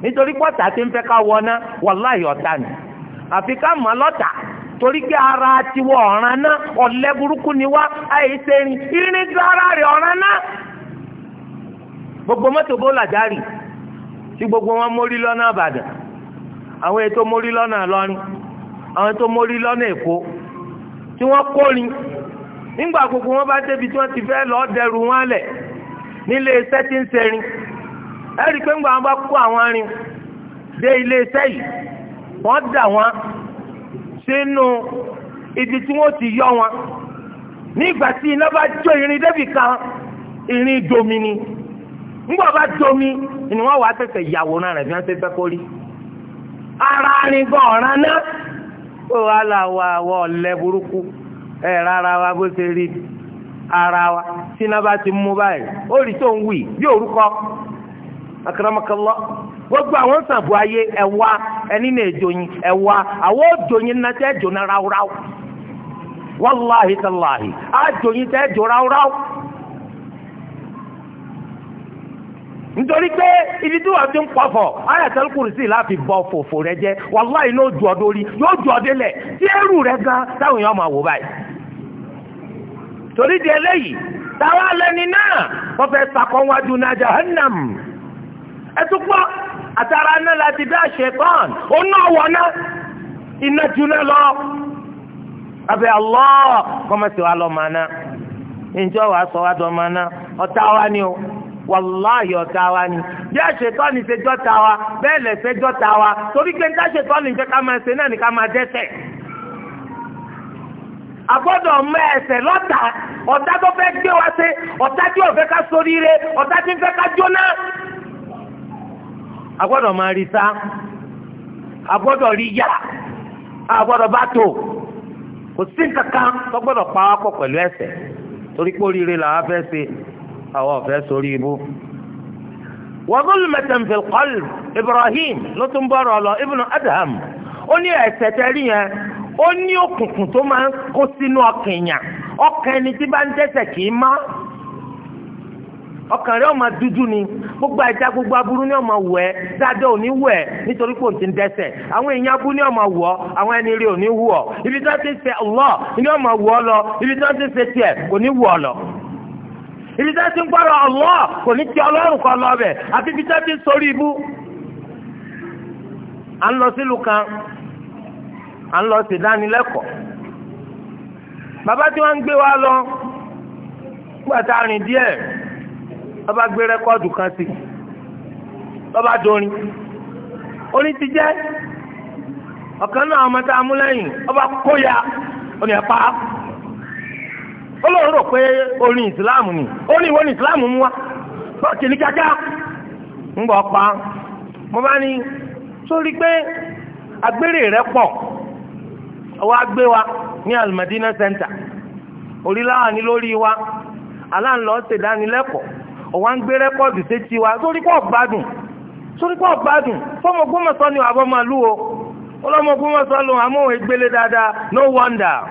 Speaker 2: nítorí pọ́tà ti ń fẹ́ ká wọná wàláhì ọ̀tá ni àfi ká lọ́tà torí ara tiwọ ọ̀ràn náà burúkú ni wá irin tí ara rẹ̀ ọ̀ràn náà gbogbo mọ́tò bó tí gbogbo wọn mórí lọ́nà àbàdàn àwọn ètò mórí lọ́nà àwọn tó mórí lọ́nà èkó tí wọ́n kórin nígbà gbogbo wọn bá débi tí wọ́n ti fẹ́ lọ́ọ́ dẹrù wọn lẹ̀ nílé iṣẹ́ tí ń ṣerin ẹ rí i pé ńgbà wọn bá kó àwọn arin dé ilé iṣẹ́ yìí wọ́n dà wọ́n sínú ibi tí wọ́n ti yọ wọn nígbà tí iná bá jó irin débì kan irin domi ni ńgbà bá domi ni wọ́n wàá tẹ̀sẹ̀ yàwòrán rẹ̀ bí wọ́n ṣe fẹ́ kó ara arin gan ọ̀ràn náà. pé wàhálà wa wọ ọ̀lẹ́ burúkú ẹ̀ rárá wa bó ṣe rí ara wa tí iná bá ti mú báyìí ó rí tó ń wì bí gbogbo àwọn sàbò ayé ẹwà ẹni na èjòyìn ẹwà àwọn òjòyìn náà tẹ́ jòna ráúráú àjòyìn nítorí pé ibi tí wàá ti ń pọ̀fọ̀ ayatul kursi láti bọ fòfò rẹ jẹ wàláì ló ju ọdún yóò ju ọdún lẹ̀ tí ẹrù rẹ gan táwọn èèyàn máa wò báyìí. torí di eléyìí táwa lẹni náà wọ́n fẹ́ sakọ́ wájú náà jahannam ẹ àtàrà náà láti dá ṣẹ̀tàn òun náà náà iná juná lọ wa lọ́ọ́ wa sọ wa wàláhì ọ̀tá wa ni bí àṣetọ́ ni ṣe jọ́ta wa bẹ́ẹ̀ lẹ̀ ṣe jọ́ta wa torí pé níta ṣetọ́ ni jẹ́ ká máa ṣe náà ni ká máa dẹ́ṣẹ̀. àgbọ́dọ̀ mọ ẹsẹ̀ lọ́tà ọ̀tá tó fẹ́ gbé wa ṣe ọ̀tá tí ò fẹ́ ká soríire ọ̀tá tí ń fẹ́ ká jóná. àgbọ́dọ̀ máa rí sá àgbọ́dọ̀ rí yá àgbọ́dọ̀ bá tò kò sí nǹkan kan tó gbọ́dọ̀ pa wá pọ̀ pẹ̀lú ẹsẹ̀ torí pé oríire làwa fẹ́ ṣe àwọn ọ̀fẹ́ sórí ibú. wàhùnmẹ̀tẹ̀m ibrahim ló tún bọ̀rọ̀ lọ ibnu adam ó ní ẹ̀ṣẹ̀ tẹ́rí yẹn ó ní òkùnkùn tó máa ń kó sínú ọkàn èèyàn ọkàn ẹni tí ni gbogbo ẹja gbogbo aburú ni ọmọ wù ẹ wù ẹ nítorí pé òun ti ń ibi tí ti ń ṣe ni ọmọ wù ọ ibi tá a ti ń gbọ́rọ̀ ọ̀lọ́ kò ní ti ọlọ́run kan lọ bẹ̀ àti ibi tá a ti ń sórí ibú.
Speaker 3: à ń lọ sílùú kan
Speaker 2: à ń lọ sí ìdánilẹ́kọ̀ọ́ bàbá tí wọ́n ń gbé wa lọ nígbà tá a rìn díẹ̀ wọ́n bá gbé rẹ́kọ́ọ̀dù kan sí wọ́n bá dorin orin ti jẹ́ ọ̀kan náà ọmọ tá a mú lẹ́yìn wọ́n bá kóya ó ní ẹ̀ pa á. ó lóun rò pé orin ìsìláàmù ni orin ìwọ ni ìsìláàmù mú wa bọ́ọ̀tì ní kíákíá ń bọ̀ pa mo bá ní sórí pé agbére rẹ pọ̀ wa ní Al-Madina Center ní lórí wa aláǹlọ́ ṣèdánilẹ́kọ̀ọ́ ọ̀wá ń gbé rẹ́kọ̀dù sétí wa sórí pọ̀ gbádùn sórí pọ̀ gbádùn fọmọ gbọmọsọ ni àbọmọlú o ọlọmọ gbọmọsọ lòun àmọ́ òun ègbélé dáadáa no wonder.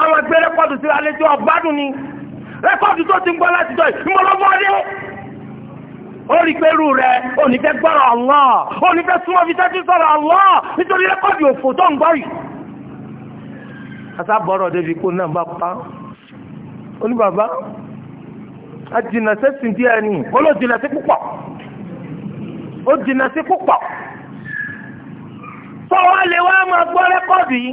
Speaker 2: àwọn gbé rẹ́kọ́dù sí àlejò ọ̀gbádùn ni rẹ́kọ́dù tó ti ń gbọ́ láti jọ ìmọ̀lọ́mọdé ó rí pẹ̀lú rẹ̀ onífẹ́ gbọ́rọ̀ Allah onífẹ́ súnmọ́ fi tẹ́tí sọ̀rọ̀ Allah nítorí rẹ́kọ́dù òfò tó ń gbọ́ yìí. asábọ̀rọ̀ débi kó náà bá pa ó ní bàbá a jìnnà sẹ́sìn díẹ̀ ni ó ló jìnnà sí púpọ̀ ó jìnnà sí púpọ̀ sọ wá lè wá máa gbọ́ rẹ́kọ́dù yìí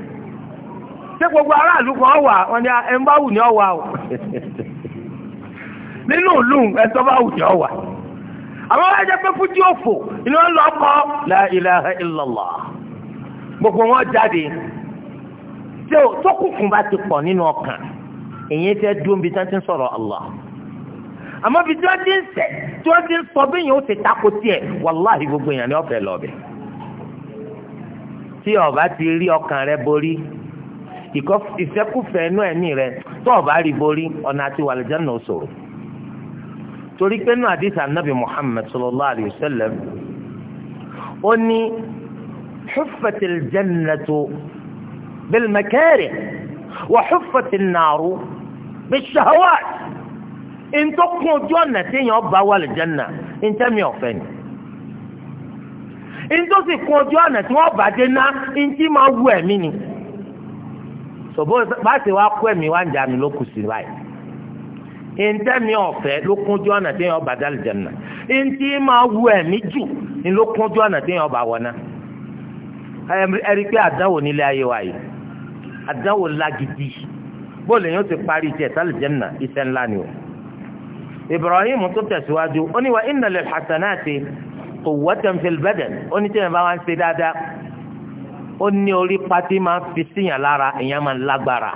Speaker 2: ṣé gbogbo aráàlú kan wà wọ́n ní ah, ẹ ń bá wù ní ọ̀wà o nínú ìlú ẹ ní ọ̀wà àwọn wáyé jẹ́ pé fújì òfò ni wọ́n lọ kọ́ la ilaha illallah gbogbo wọn jáde tí o tó kù fún bá ti pọ̀ nínú ọkàn èyí fẹ́ dúró bí tán ti ń sọ̀rọ̀ Allah àmọ́ bí tí wọ́n ti ń sẹ̀ tí wọ́n ti ń sọ bí yẹn ó ti tako tiẹ̀ wàláhì gbogbo èèyàn ni ọ̀fẹ́ lọ́ọ̀bẹ̀ tí ọba ti rí ọkàn rẹ borí ìfẹ́kùfẹ́ inú ẹ̀mí rẹ tó o bá rí borí ọ̀nà àti wàlẹ̀jẹ́ náà sòrò torí pé inú àdìsí anabi muhammed sallallahu alayhi wa sallam ó ní xuffatil jannatu bil makari wa xuffatil naaru bil shahawaat ntọ́kùn ojú ọ̀nà téèyàn bá wàlẹ̀jẹ́ náà ntẹ́mi ọ̀fẹ́ ni ntọ́sí kun ojú ọ̀nà tí wọ́n bàjẹ́ ná ntí máa wú ẹ̀mí ni sọ̀bọ́ bá ti wá kó ẹ̀mí wá ń jà mí ló kù sí báyìí ntẹ́mi ọ̀fẹ́ ló kúnjú ọ̀nà tí yẹn ọba dálì jẹ̀nà ntí máa wù ẹ̀mí jù ni ló kúnjú ọ̀nà tí yẹn ọba wọ̀nà ẹ̀rí pé àdánwò nílé ayé wa yìí àdánwò lágídí bóòlù yẹn ti parí jẹ dálì jẹ̀nà iṣẹ́ ńlá ni o Ibrahim tó tẹ̀síwájú ó ní wa innal hasanati quwwatan fil badan ó ní tí ó ní orí pati máa fi síyàn lára èèyàn máa lágbára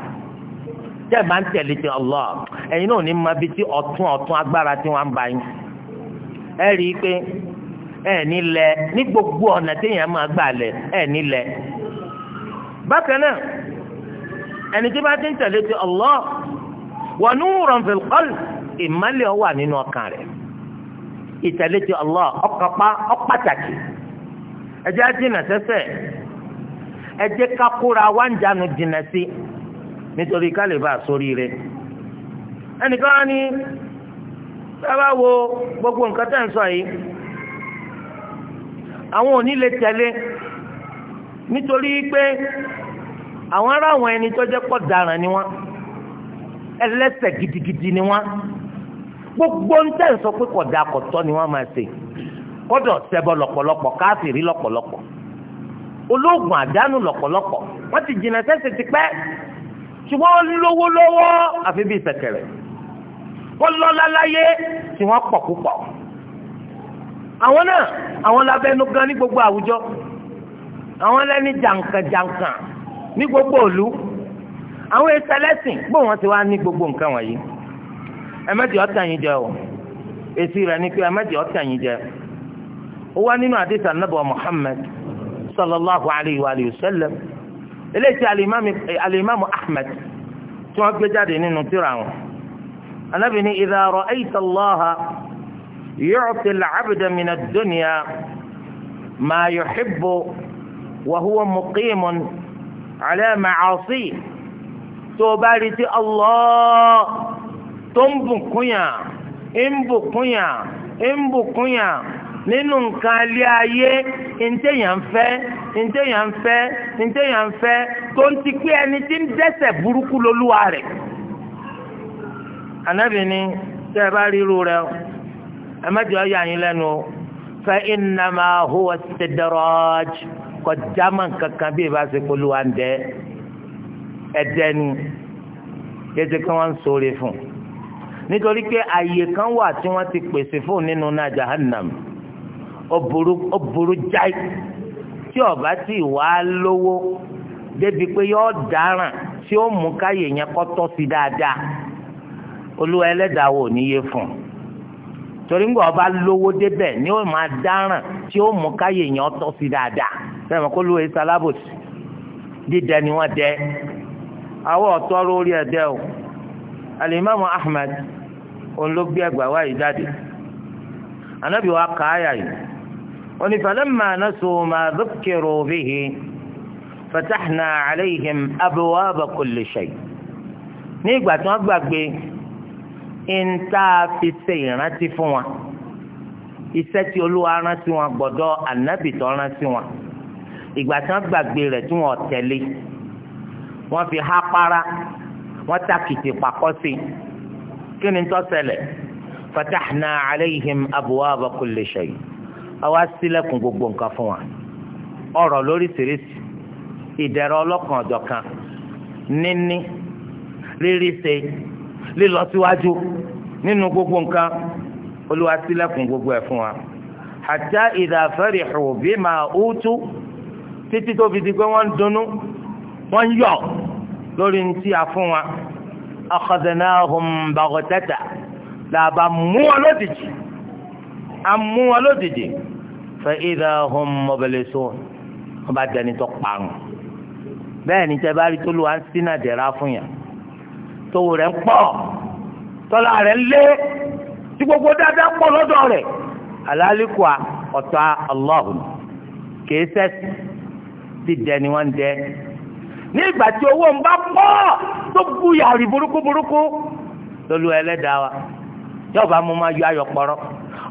Speaker 2: tẹ́ bá ń tẹ̀lé ti ma bi tí ọ̀tún ọ̀tún agbára tí wọ́n ń yín ẹ rí i pé ẹ ní lẹ gbogbo ọ̀nà máa gbà lẹ ẹ ní lẹ bákan náà ẹni tí bá ti ń tẹ̀lé ti Allah wa nuran fil ọ pàtàkì ẹ jẹ́ ká kóra wá ń jánu jìnnà sí nítorí ká lè bá a sórí rẹ̀ ẹnìkan á ní sábà wo gbogbo nǹkan tẹ̀ ń sọ yìí àwọn ò ní lè tẹ̀lé nítorí pé àwọn ará àwọn ẹni tó jẹ́ pọ̀ dáràn ni wọ́n ẹlẹ́sẹ̀ gidigidi ni wọ́n gbogbo ń tẹ̀ sọ pé kọ̀dà kọ̀tọ́ ni wọ́n máa ṣe kọ́dọ̀ ṣẹbọ lọ́pọ̀lọpọ̀ káàfìrí lọ́pọ̀lọpọ̀ olóògùn àdánù lọ́pọ̀lọpọ̀ wọ́n ti jìnnà sẹ́sẹ̀ ti pẹ́ ṣùgbọ́n wọ́n lówó lọ́wọ́ àfi bíi sẹ̀kẹ̀rẹ̀ wọ́n lọ́lá láyé tí wọ́n pọ̀ púpọ̀ àwọn náà àwọn labẹ́nu gan ní gbogbo àwùjọ àwọn lẹ́ni jàǹkànjàǹkàn ní gbogbo òlu àwọn ẹsẹ̀lẹ́sìn bó wọ́n ti wá ní gbogbo nǹkan wọ̀nyí ẹ̀mẹ́jì ọ̀tàn yín jẹ o èsì rẹ̀ ni pé ẹ̀mẹ́jì ọ̀tàn yín jẹ ó wá nínú àdìsàn nàbọ̀ Muhammad صلى الله عليه وآله وسلم إليس الإمام, الإمام أحمد تحب جادي أنه تراه أنا إذا رأيت الله يعطي العبد من الدنيا ما يحب وهو مقيم على معاصي تبارك الله تنبقيا انبقيا انبقيا nínú nǹkan alẹ́ ayé ntẹ̀yàn fẹ́ ntẹ̀yàn fẹ́ ntẹ̀yàn fẹ́ tó ń ti pé ẹni tí ń dẹ́ṣẹ̀ burúkú lolúwa rẹ̀. ànábì ni tẹ́ ẹ bá ríru rẹ o ẹ má jọ yà yín lẹ́nu o fa innama huwa istidraj kọjá mọ́ kankan bí ìbá ṣe polówó ń ẹ̀dẹ́ ni kéde kí wọ́n ń sọ̀rọ̀ fún nítorí pé àyè kan wà tí wọ́n ti pèsè fún nínú náà jahannam. oburu oburu jai tí ọba tí wà lówó débi pé yọ dáràn tí ó mú káyè yẹn kọ́tọ́ sí dáadáa olúwa ẹlẹ́dàá wò ní yé fún un torí ńgbà ọba lówó débẹ̀ ni ó máa dáràn tí ó mú káyè yẹn tọ́ sí dáadáa bẹ́ẹ̀ mọ̀ kó sálábòsì dídẹ ni wọ́n dẹ àwọn ọ̀tọ́ o alimami ahmed òun ló gbé ẹgbàá wáyé jáde وني فلما نسوا ما ذكروا به فتحنا عليهم أبواب كل شيء nígbà tí wọ́n gbàgbé ń tá a fi ṣe ìrántí fún wọn iṣẹ́ tí olúwa rántí wọn gbọ́dọ̀ ànábì tó rántí wọn ìgbà tí wọ́n gbàgbé rẹ̀ tí wọ́n tẹ̀lé wọ́n fi há para wọ́n tàkìtì pàkọ́ sí i kí ni tó ṣẹlẹ̀ fatahna alayhim abuwaaba kulli shay àwa ṣílẹ̀kùn gbogbo nǹkan fún wa ọ̀rọ̀ lóríṣiríṣi ìdẹ̀rọ̀ ọlọ́kan ọ̀jọ̀kan níní rírí ṣe lílọ síwájú nínú gbogbo nǹkan olúwa ṣílẹ̀kùn gbogbo ẹ̀ fún wa hatta idha farihu bima utu títí tó fi di pé wọ́n ń dunnú wọ́n ń yọ̀ lórí ní tí a fún wa akhadnahum baghtata làbà mú wọn lójijì. amú wọn lódìdí fa idha hum mublisun wọn bá dẹni tó bẹ́ẹ̀ ni tẹ́ bá rí tó lu à ń sínà fún tówó lé tí gbogbo dáadáa pọ̀ lọ́dọ̀ rẹ̀ alálìkùá ọ̀tá Allah kìí ti ni dẹ ní ìgbà bu yàrá burúkú burúkú wa yọ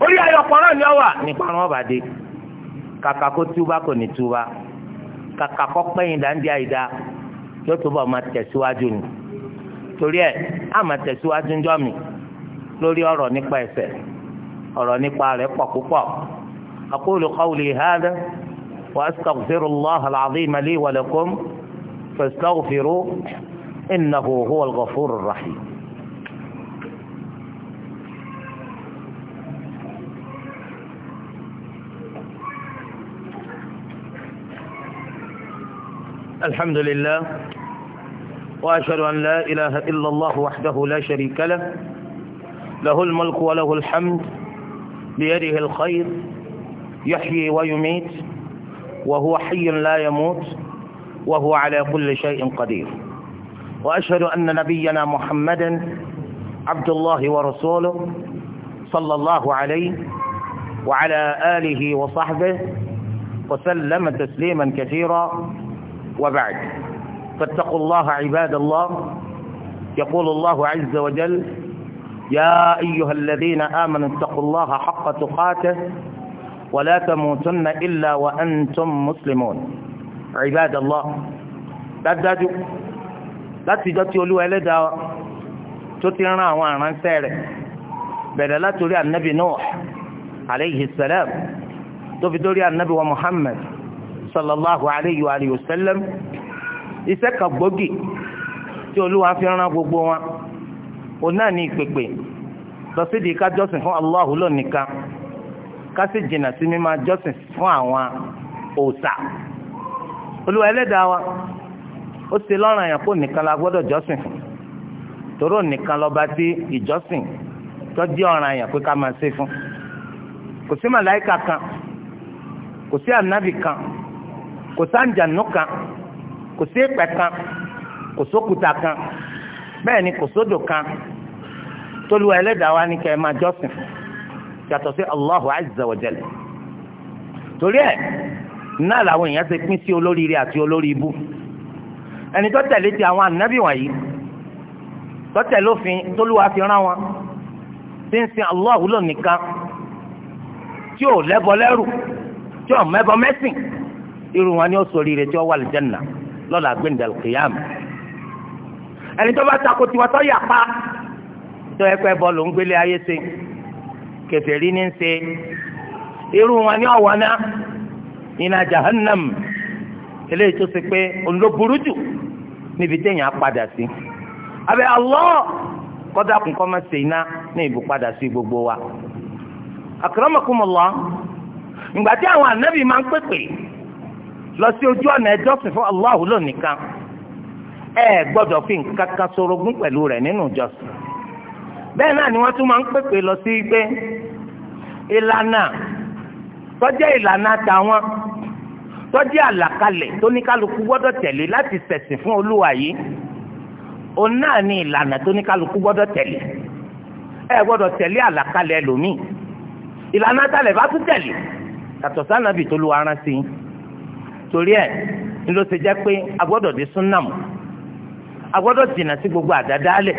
Speaker 2: orí ayọ̀pọ̀ náà ni ọ wà nípa wọn bá dé kàkà kó túbá kò ní túbá kàkà kó pẹ́yìn dáńdí àyídá yóò túbọ̀ máa tẹ̀síwájú ni torí ẹ̀ á máa tẹ̀síwájú ńjọ́ mi lórí ọ̀rọ̀ nípa ẹ̀ṣẹ̀ ọ̀rọ̀ nípa rẹ̀ pọ̀ púpọ̀ aqulu qawli hadha wa astaghfirullaha al-azima li wa lakum fastaghfiru innahu huwal ghafurur الحمد لله وأشهد أن لا إله إلا الله وحده لا شريك له له الملك وله الحمد بيده الخير يحيي ويميت وهو حي لا يموت وهو على كل شيء قدير وأشهد أن نبينا محمدا عبد الله ورسوله صلى الله عليه وعلى آله وصحبه وسلم تسليما كثيرا وبعد فاتقوا الله عباد الله يقول الله عز وجل يا أيها الذين آمنوا اتقوا الله حق تقاته ولا تموتن إلا وأنتم مسلمون عباد الله لا تجدوا لا تجدوا تترنا وعنان سير بل لا تري النبي نوح عليه السلام تفدري النبي ومحمد sallallahu alayhi wa alihi wa sallam iṣẹ́ kan gbòógì tí olúwa fi rán gbogbo wọn òun náà ní ìpèpè lọ sí di ká jọ́sìn fún Allahu lónìkan ká sì jìnnà sí ma jọ́sìn fún àwọn òòṣà Oluwa eleda wa ó ṣe lọ́ràn yẹn kó nìkan la gbọ́dọ̀ jọ́sìn fún tòró nìkan lọ́ba tí ìjọ́sìn tọ́jú ọ̀ràn yẹn pé ká máa ṣe fún kò sí màláìka kan kò sí ànábì kan kò sáǹjànú kan kò sí èpè kan kò sókúta kan bẹ́ẹ̀ ni kò sódò kan tólúwa ẹlẹ́dàá wa ní kẹ́ ẹ máa jọ́sìn yàtọ̀ sí Allahu azza wa jalla torí ẹ̀ náà làwọn èèyàn ṣe pín sí olóríire àti olórí ibú ẹni tó tẹ̀lé ti àwọn ànábì wọ̀nyí tó tẹ̀lé òfin tólúwa fi rán wọn tí ń sin Allahu lónìí kan tí ò lẹ́bọ lẹ́rù tí ò mẹ́bọ mẹ́sìn. irú wọn ni ó sọ rírẹ tí ó wà lìjẹ́nà lọ́la gbẹ̀ndẹ̀ kìyàm ẹni tó bá takò tiwọn tó yà pa tó yẹ pé bọ́ọ̀lù ń gbélé ayé ní ṣe irú wọn ni ọ̀wọ́ náà iná jahannam eléyìí tó ṣe pé òun ló burú jù níbi téèyàn padà sí abẹ́ Allah kọ́dà kún kọ́ máa ṣe iná ní sí lọ sí ojú ọ̀nà ẹjọ́sìn fún Allah lónìkan ẹ gbọ́dọ̀ fi nǹkan kan sorogún pẹ̀lú rẹ̀ nínú ìjọsìn bẹ́ẹ̀ náà ni wọ́n tún máa ń pèpè lọ sí pé ìlànà tó jẹ́ ìlànà tàwọn tó jẹ́ àlàkalẹ̀ tó ní kálukú gbọ́dọ̀ tẹ̀lé láti ṣẹ̀sìn fún Olúwa yìí òun náà ni ìlànà tó ní kálukú gbọ́dọ̀ tẹ̀lé ẹ gbọ́dọ̀ tẹ̀lé àlàkalẹ̀ ẹlòmíì ìlànà talẹ̀ bá tún tẹ̀lé yàtọ̀ sànàbì tó lu aránsìn yìí torí ẹ̀ ńlọ ṣe jẹ́ pé agbọ́dọ̀ di súnà Agbọdọ agbọ́dọ̀ jìnnà sí gbogbo àdádálẹ̀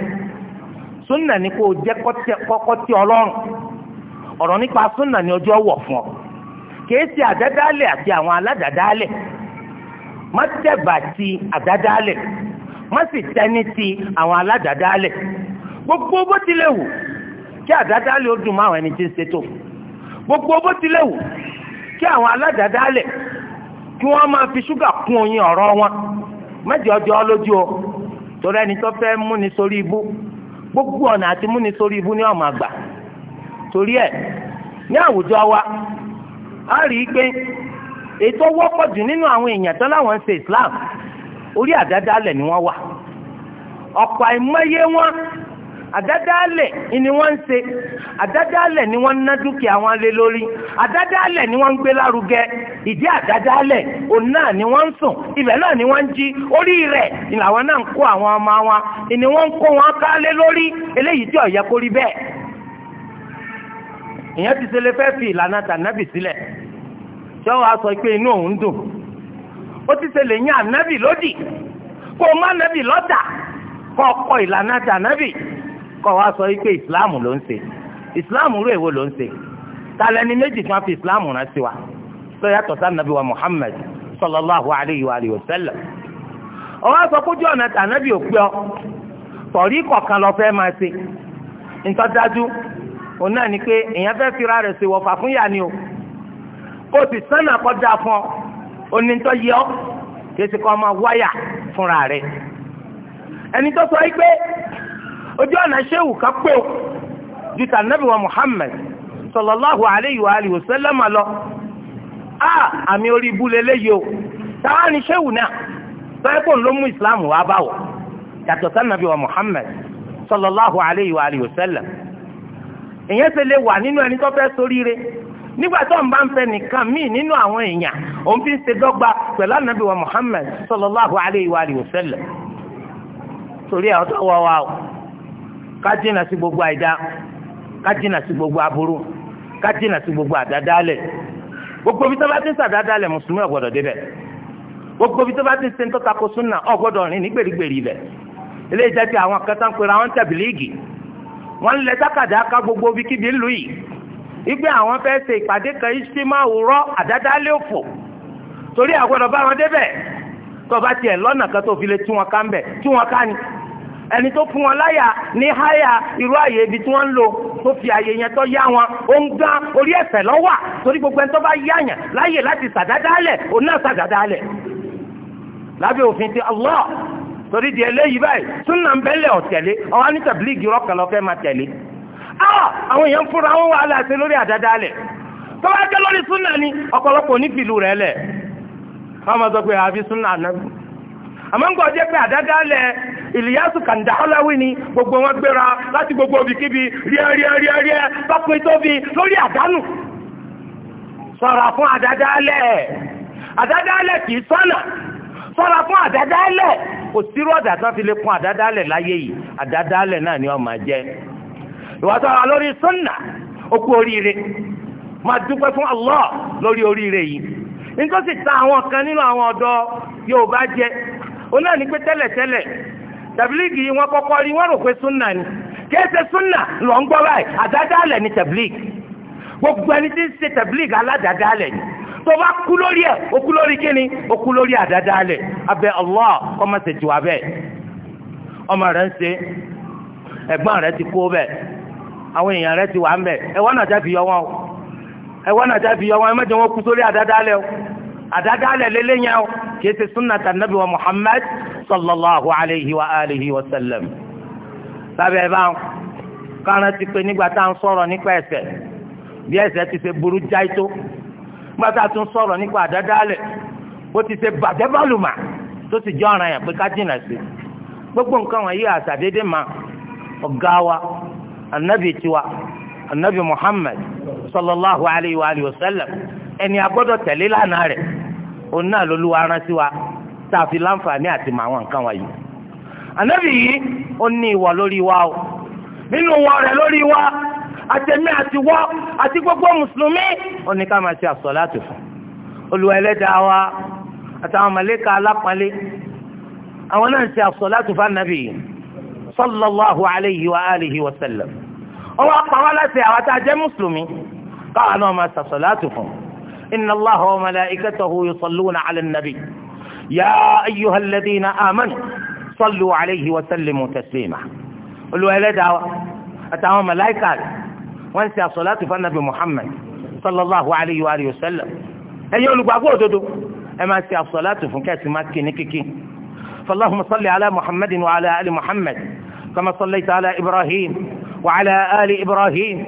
Speaker 2: súnà ni kò jẹ́ kọ́kọ́ tí ọlọ́run ọ̀rọ̀ nípa súnà ni ọjọ wọ fún ọ kìí ṣe àdádálẹ̀ àti àwọn aládàádálẹ̀ má tẹ̀bà ti àdádálẹ̀ má sì tẹni ti àwọn aládàádálẹ̀ gbogbo bó tilẹ̀ wù kí àdádálẹ̀ ó dùn mọ́ àwọn ẹni tí ń ṣètò gbogbo bó tilẹ̀ wù kí àwọn aládàádálẹ̀ kí wọ́n máa fi ṣúgà kún oyin ọ̀rọ̀ wọn mẹ́jọ ọjọ́ lójú o torí ẹni tó fẹ́ múni sórí ibú gbogbo ọ̀nà àti múni sórí ibú ni wọ́n máa gbà torí ẹ̀ ní àwùjọ wa a rí i pé ètò wọ́pọ̀ jù nínú àwọn èèyàn tó láwọn ń ṣe Islam orí àdádálẹ̀ ni wọ́n wà ọ̀pọ̀ àìmọye wọn àdádálẹ̀ ni wọ́n ń ṣe àdádálẹ̀ ni wọ́n ń ná dúkìá wọn lé lórí àdádálẹ̀ ni wọ́n ń gbé lárugẹ ìdí àdádálẹ̀ òun náà ni wọ́n ń sùn ibẹ̀ náà ni wọ́n ń jí orí rẹ̀ ni làwọn náà ń kó àwọn ọmọ wọn ni wọ́n ń kó wọn ká lé lórí eléyìí tí ó yẹ kó rí bẹ́ẹ̀ ìyẹn ti ṣe lè fẹ́ fi ìlànà tànàbì sílẹ̀ tí wọ́n sọ pé inú òun dùn ó ti ṣe lè yín ànábì lódì kó o má ànábì lọ́tà kó o ìlànà tànàbì kọ́ wa sọ wípé ìsìláàmù ló ń ṣe ìsìláàmù rú èwo ló ń ṣe tàlẹ́ni méjì tí wọ́n fi ìsìláàmù rán sí wa tó yàtọ̀ sáà wa Muhammad sallallahu alayhi wa alihi wa sallam ọwọ́ sọ kójú ọ̀nà tànàbí òpin ọ tọ̀rí kọ̀ọ̀kan lọ fẹ́ máa ṣe ntọ́jájú òun náà ni pé èèyàn fẹ́ fira rẹ̀ ṣe wọ̀fà fún yàní o kó o sì sánà kọjá fún ọ onítọ́ yẹ ọ kí esi kọ́ ọmọ wáyà fúnra rẹ̀ ẹni tó sọ yìí pé ojú ọ̀nà ṣéwù ká pé o ju tànàbí wa Muhammad sallallahu alayhi wa alihi wa sallam lọ a àmì orí ibú lélẹ́yìí o táwa ni ṣéwù náà sọ́yẹ́pọ̀ ló mú Islam wá báwọ̀ yàtọ̀ sànàbí wa Muhammad sallallahu alayhi wa alihi wa sallam èyàn ṣe lè wà nínú ẹni tó fẹ́ ṣoríire nígbà tó ń bá ń fẹ́ nìkan míì nínú àwọn èèyàn òun fi ń ṣe dọ́gba pẹ̀lú ànábì wa Muhammad sallallahu alayhi wa alihi wa sallam àwọn tó wá wa o. ká sí gbogbo àìdá ká sí gbogbo aburú ká sí gbogbo àdádálẹ̀ gbogbo bí tó bá ti ń mùsùlùmí ò débẹ̀ gbogbo bí tó bá ti ń sentọ́ tako súnà rìn ní gbèrígbèrí ibẹ̀ eléyìí jẹ́ wọn gbogbo bí kíbi ń lu yìí igbe àwọn fẹ́ ṣe ìpàdé kan iṣẹ́ máa wúrọ́ torí àgbọ̀dọ̀ ẹni tó fún wọn láyà ní háyà irú àyè ibi tí ń lò tó fi àyè yẹn tó yá wọn ó ń gan orí ẹ̀fẹ̀ lọ́wà torí gbogbo ẹni tó bá yáyàn láyè láti sàdádálẹ̀ òun náà sàdádálẹ̀ lábẹ́ òfin ti Allah torí di eléyìí báyìí súnà ń bẹ́lẹ̀ ọ̀tẹ̀lé ọ̀hán ní tàbílíìgì rọ́kànlọ́kẹ́ máa tẹ̀lé. àwọn èèyàn fúnra wọn wà láti lórí àdádálẹ̀ tó bá jẹ́ ni onífìlú sọ pé àfi súnà náà. àmọ́ ń gbọ́ kanda kàndáháláwì ni gbogbo wọn gbéra láti gbogbo ríẹ ríẹ́ríẹ́ríẹ́ tọ́pin tóbi lórí àdánù sọ̀rọ̀ fún àdádálẹ̀ àdádálẹ̀ kì í sọ́nà sọ̀rọ̀ fún àdádálẹ̀ kò sírú ọ̀dà tán fi lè kún àdádálẹ̀ láyé yìí náà ni ó máa ìwà sọ̀rọ̀ lórí sọ́nà ó oríire máa dúpẹ́ fún Allah lórí oríire yìí nítorí ta àwọn kan nínú àwọn ọ̀dọ́ Yorùbá jẹ onáà ní pé tẹ́lẹ̀tẹ́lẹ̀ tabiligi yìí wọ́n kọ́kọ́ rí wọ́n rò pé súnà ni kéèsè súnà lọ ń gbọ́ báyìí ni tabiligi gbogbo ẹni tí ń ṣe tabiligi aládàádálẹ̀ ni tó bá kú lórí ẹ̀ ó kú lórí kíni ó kú lórí abẹ́ Allah kọ́ máa ṣe jù abẹ́ ọmọ rẹ̀ ń ṣe ẹ̀gbọ́n ti sallallahu alayhi wa alihi wa sallam lábẹ́ bá kárán ti pé nígbà tá à ń sọ̀rọ̀ nípa ẹ̀ṣẹ̀ bí ẹ̀ṣẹ̀ ti ṣe burú jáì tó nígbà tá a tún sọ̀rọ̀ nípa àdádálẹ̀ ó ti ṣe bàjẹ́ bọ́ọ̀lùmà tó sì jọ ọ̀ràn yẹn pé ká jìnà sí gbogbo nǹkan wọ̀nyí àṣàdédé mà ọ̀gá wa anabi tiwa anabi muhammad sallallahu alayhi wa sallam ẹni agbọ́dọ̀ tẹ̀lé lánàá rẹ̀ òun náà lolúwa rán wa tá a fi láǹfààní àti mọ àwọn nǹkan wọ̀nyí. ànábì yìí ó ní ìwà lórí wa o nínú ìwà rẹ̀ lórí wa àtẹ̀mí àti wọ́ àti gbogbo mùsùlùmí ó ní ká máa ṣe àsọ̀láàtù fún Olúwa ẹlẹ́dàá wa àtàwọn màlẹ́kà alápọ̀nlé àwọn náà ń ṣe àsọ̀láàtù fún ànábì yìí sallallahu alayhi wa alihi wa sallam ọwọ́ apàwọ́ láti àwọn tá a jẹ́ mùsùlùmí káwọn náà máa ṣàsọ̀láàtù fún inna Allaha wa malaikatahu yusalluna ala nabi. يا أيها الذين آمنوا صلوا عليه وسلموا تسليما دعوة أتعوى ملائكة وانسى صلاة فالنبي محمد صلى الله عليه وآله وسلم لك الأبو دو أما أنسى الصلاة فنكاس ماتكي نككي فاللهم صل على محمد وعلى آل محمد كما صليت على إبراهيم وعلى آل إبراهيم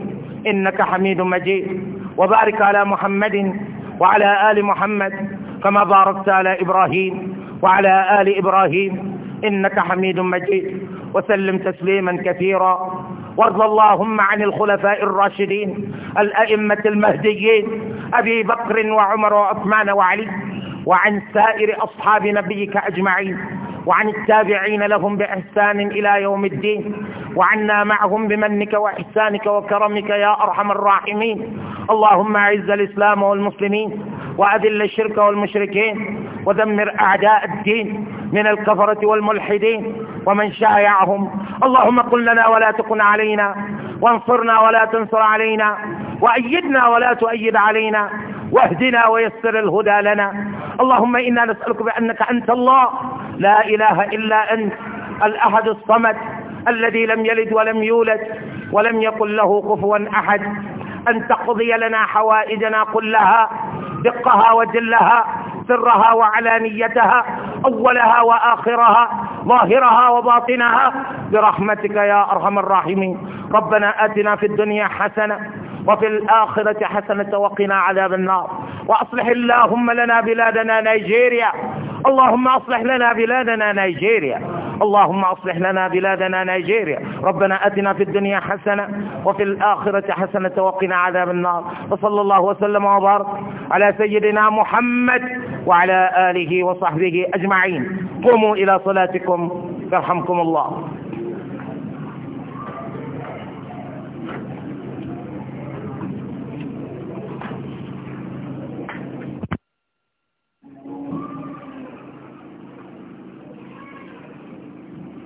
Speaker 2: إنك حميد مجيد وبارك على محمد وعلى آل محمد كما باركت على إبراهيم وعلى آل إبراهيم إنك حميد مجيد وسلم تسليما كثيرا وارض اللهم عن الخلفاء الراشدين الأئمة المهديين أبي بكر وعمر وعثمان وعلي وعن سائر أصحاب نبيك أجمعين وعن التابعين لهم بإحسان إلى يوم الدين وعنا معهم بمنك وإحسانك وكرمك يا أرحم الراحمين اللهم أعز الإسلام والمسلمين وأذل الشرك والمشركين ودمر أعداء الدين من الكفرة والملحدين ومن شايعهم اللهم قل لنا ولا تكن علينا وانصرنا ولا تنصر علينا وأيدنا ولا تؤيد علينا واهدنا ويسر الهدى لنا اللهم إنا نسألك بأنك أنت الله لا إله إلا أنت الأحد الصمد الذي لم يلد ولم يولد ولم يقل له كفوا أحد أن تقضي لنا حوائجنا كلها دقها وجلها سرها وعلانيتها أولها وآخرها ظاهرها وباطنها برحمتك يا أرحم الراحمين ربنا آتنا في الدنيا حسنة وفي الآخرة حسنة وقنا عذاب النار وأصلح اللهم لنا بلادنا نيجيريا اللهم أصلح لنا بلادنا نيجيريا اللهم أصلح لنا بلادنا نيجيريا ربنا أتنا في الدنيا حسنة وفي الآخرة حسنة وقنا عذاب النار وصلى الله وسلم وبارك على سيدنا محمد وعلى آله وصحبه أجمعين قوموا إلى صلاتكم يرحمكم الله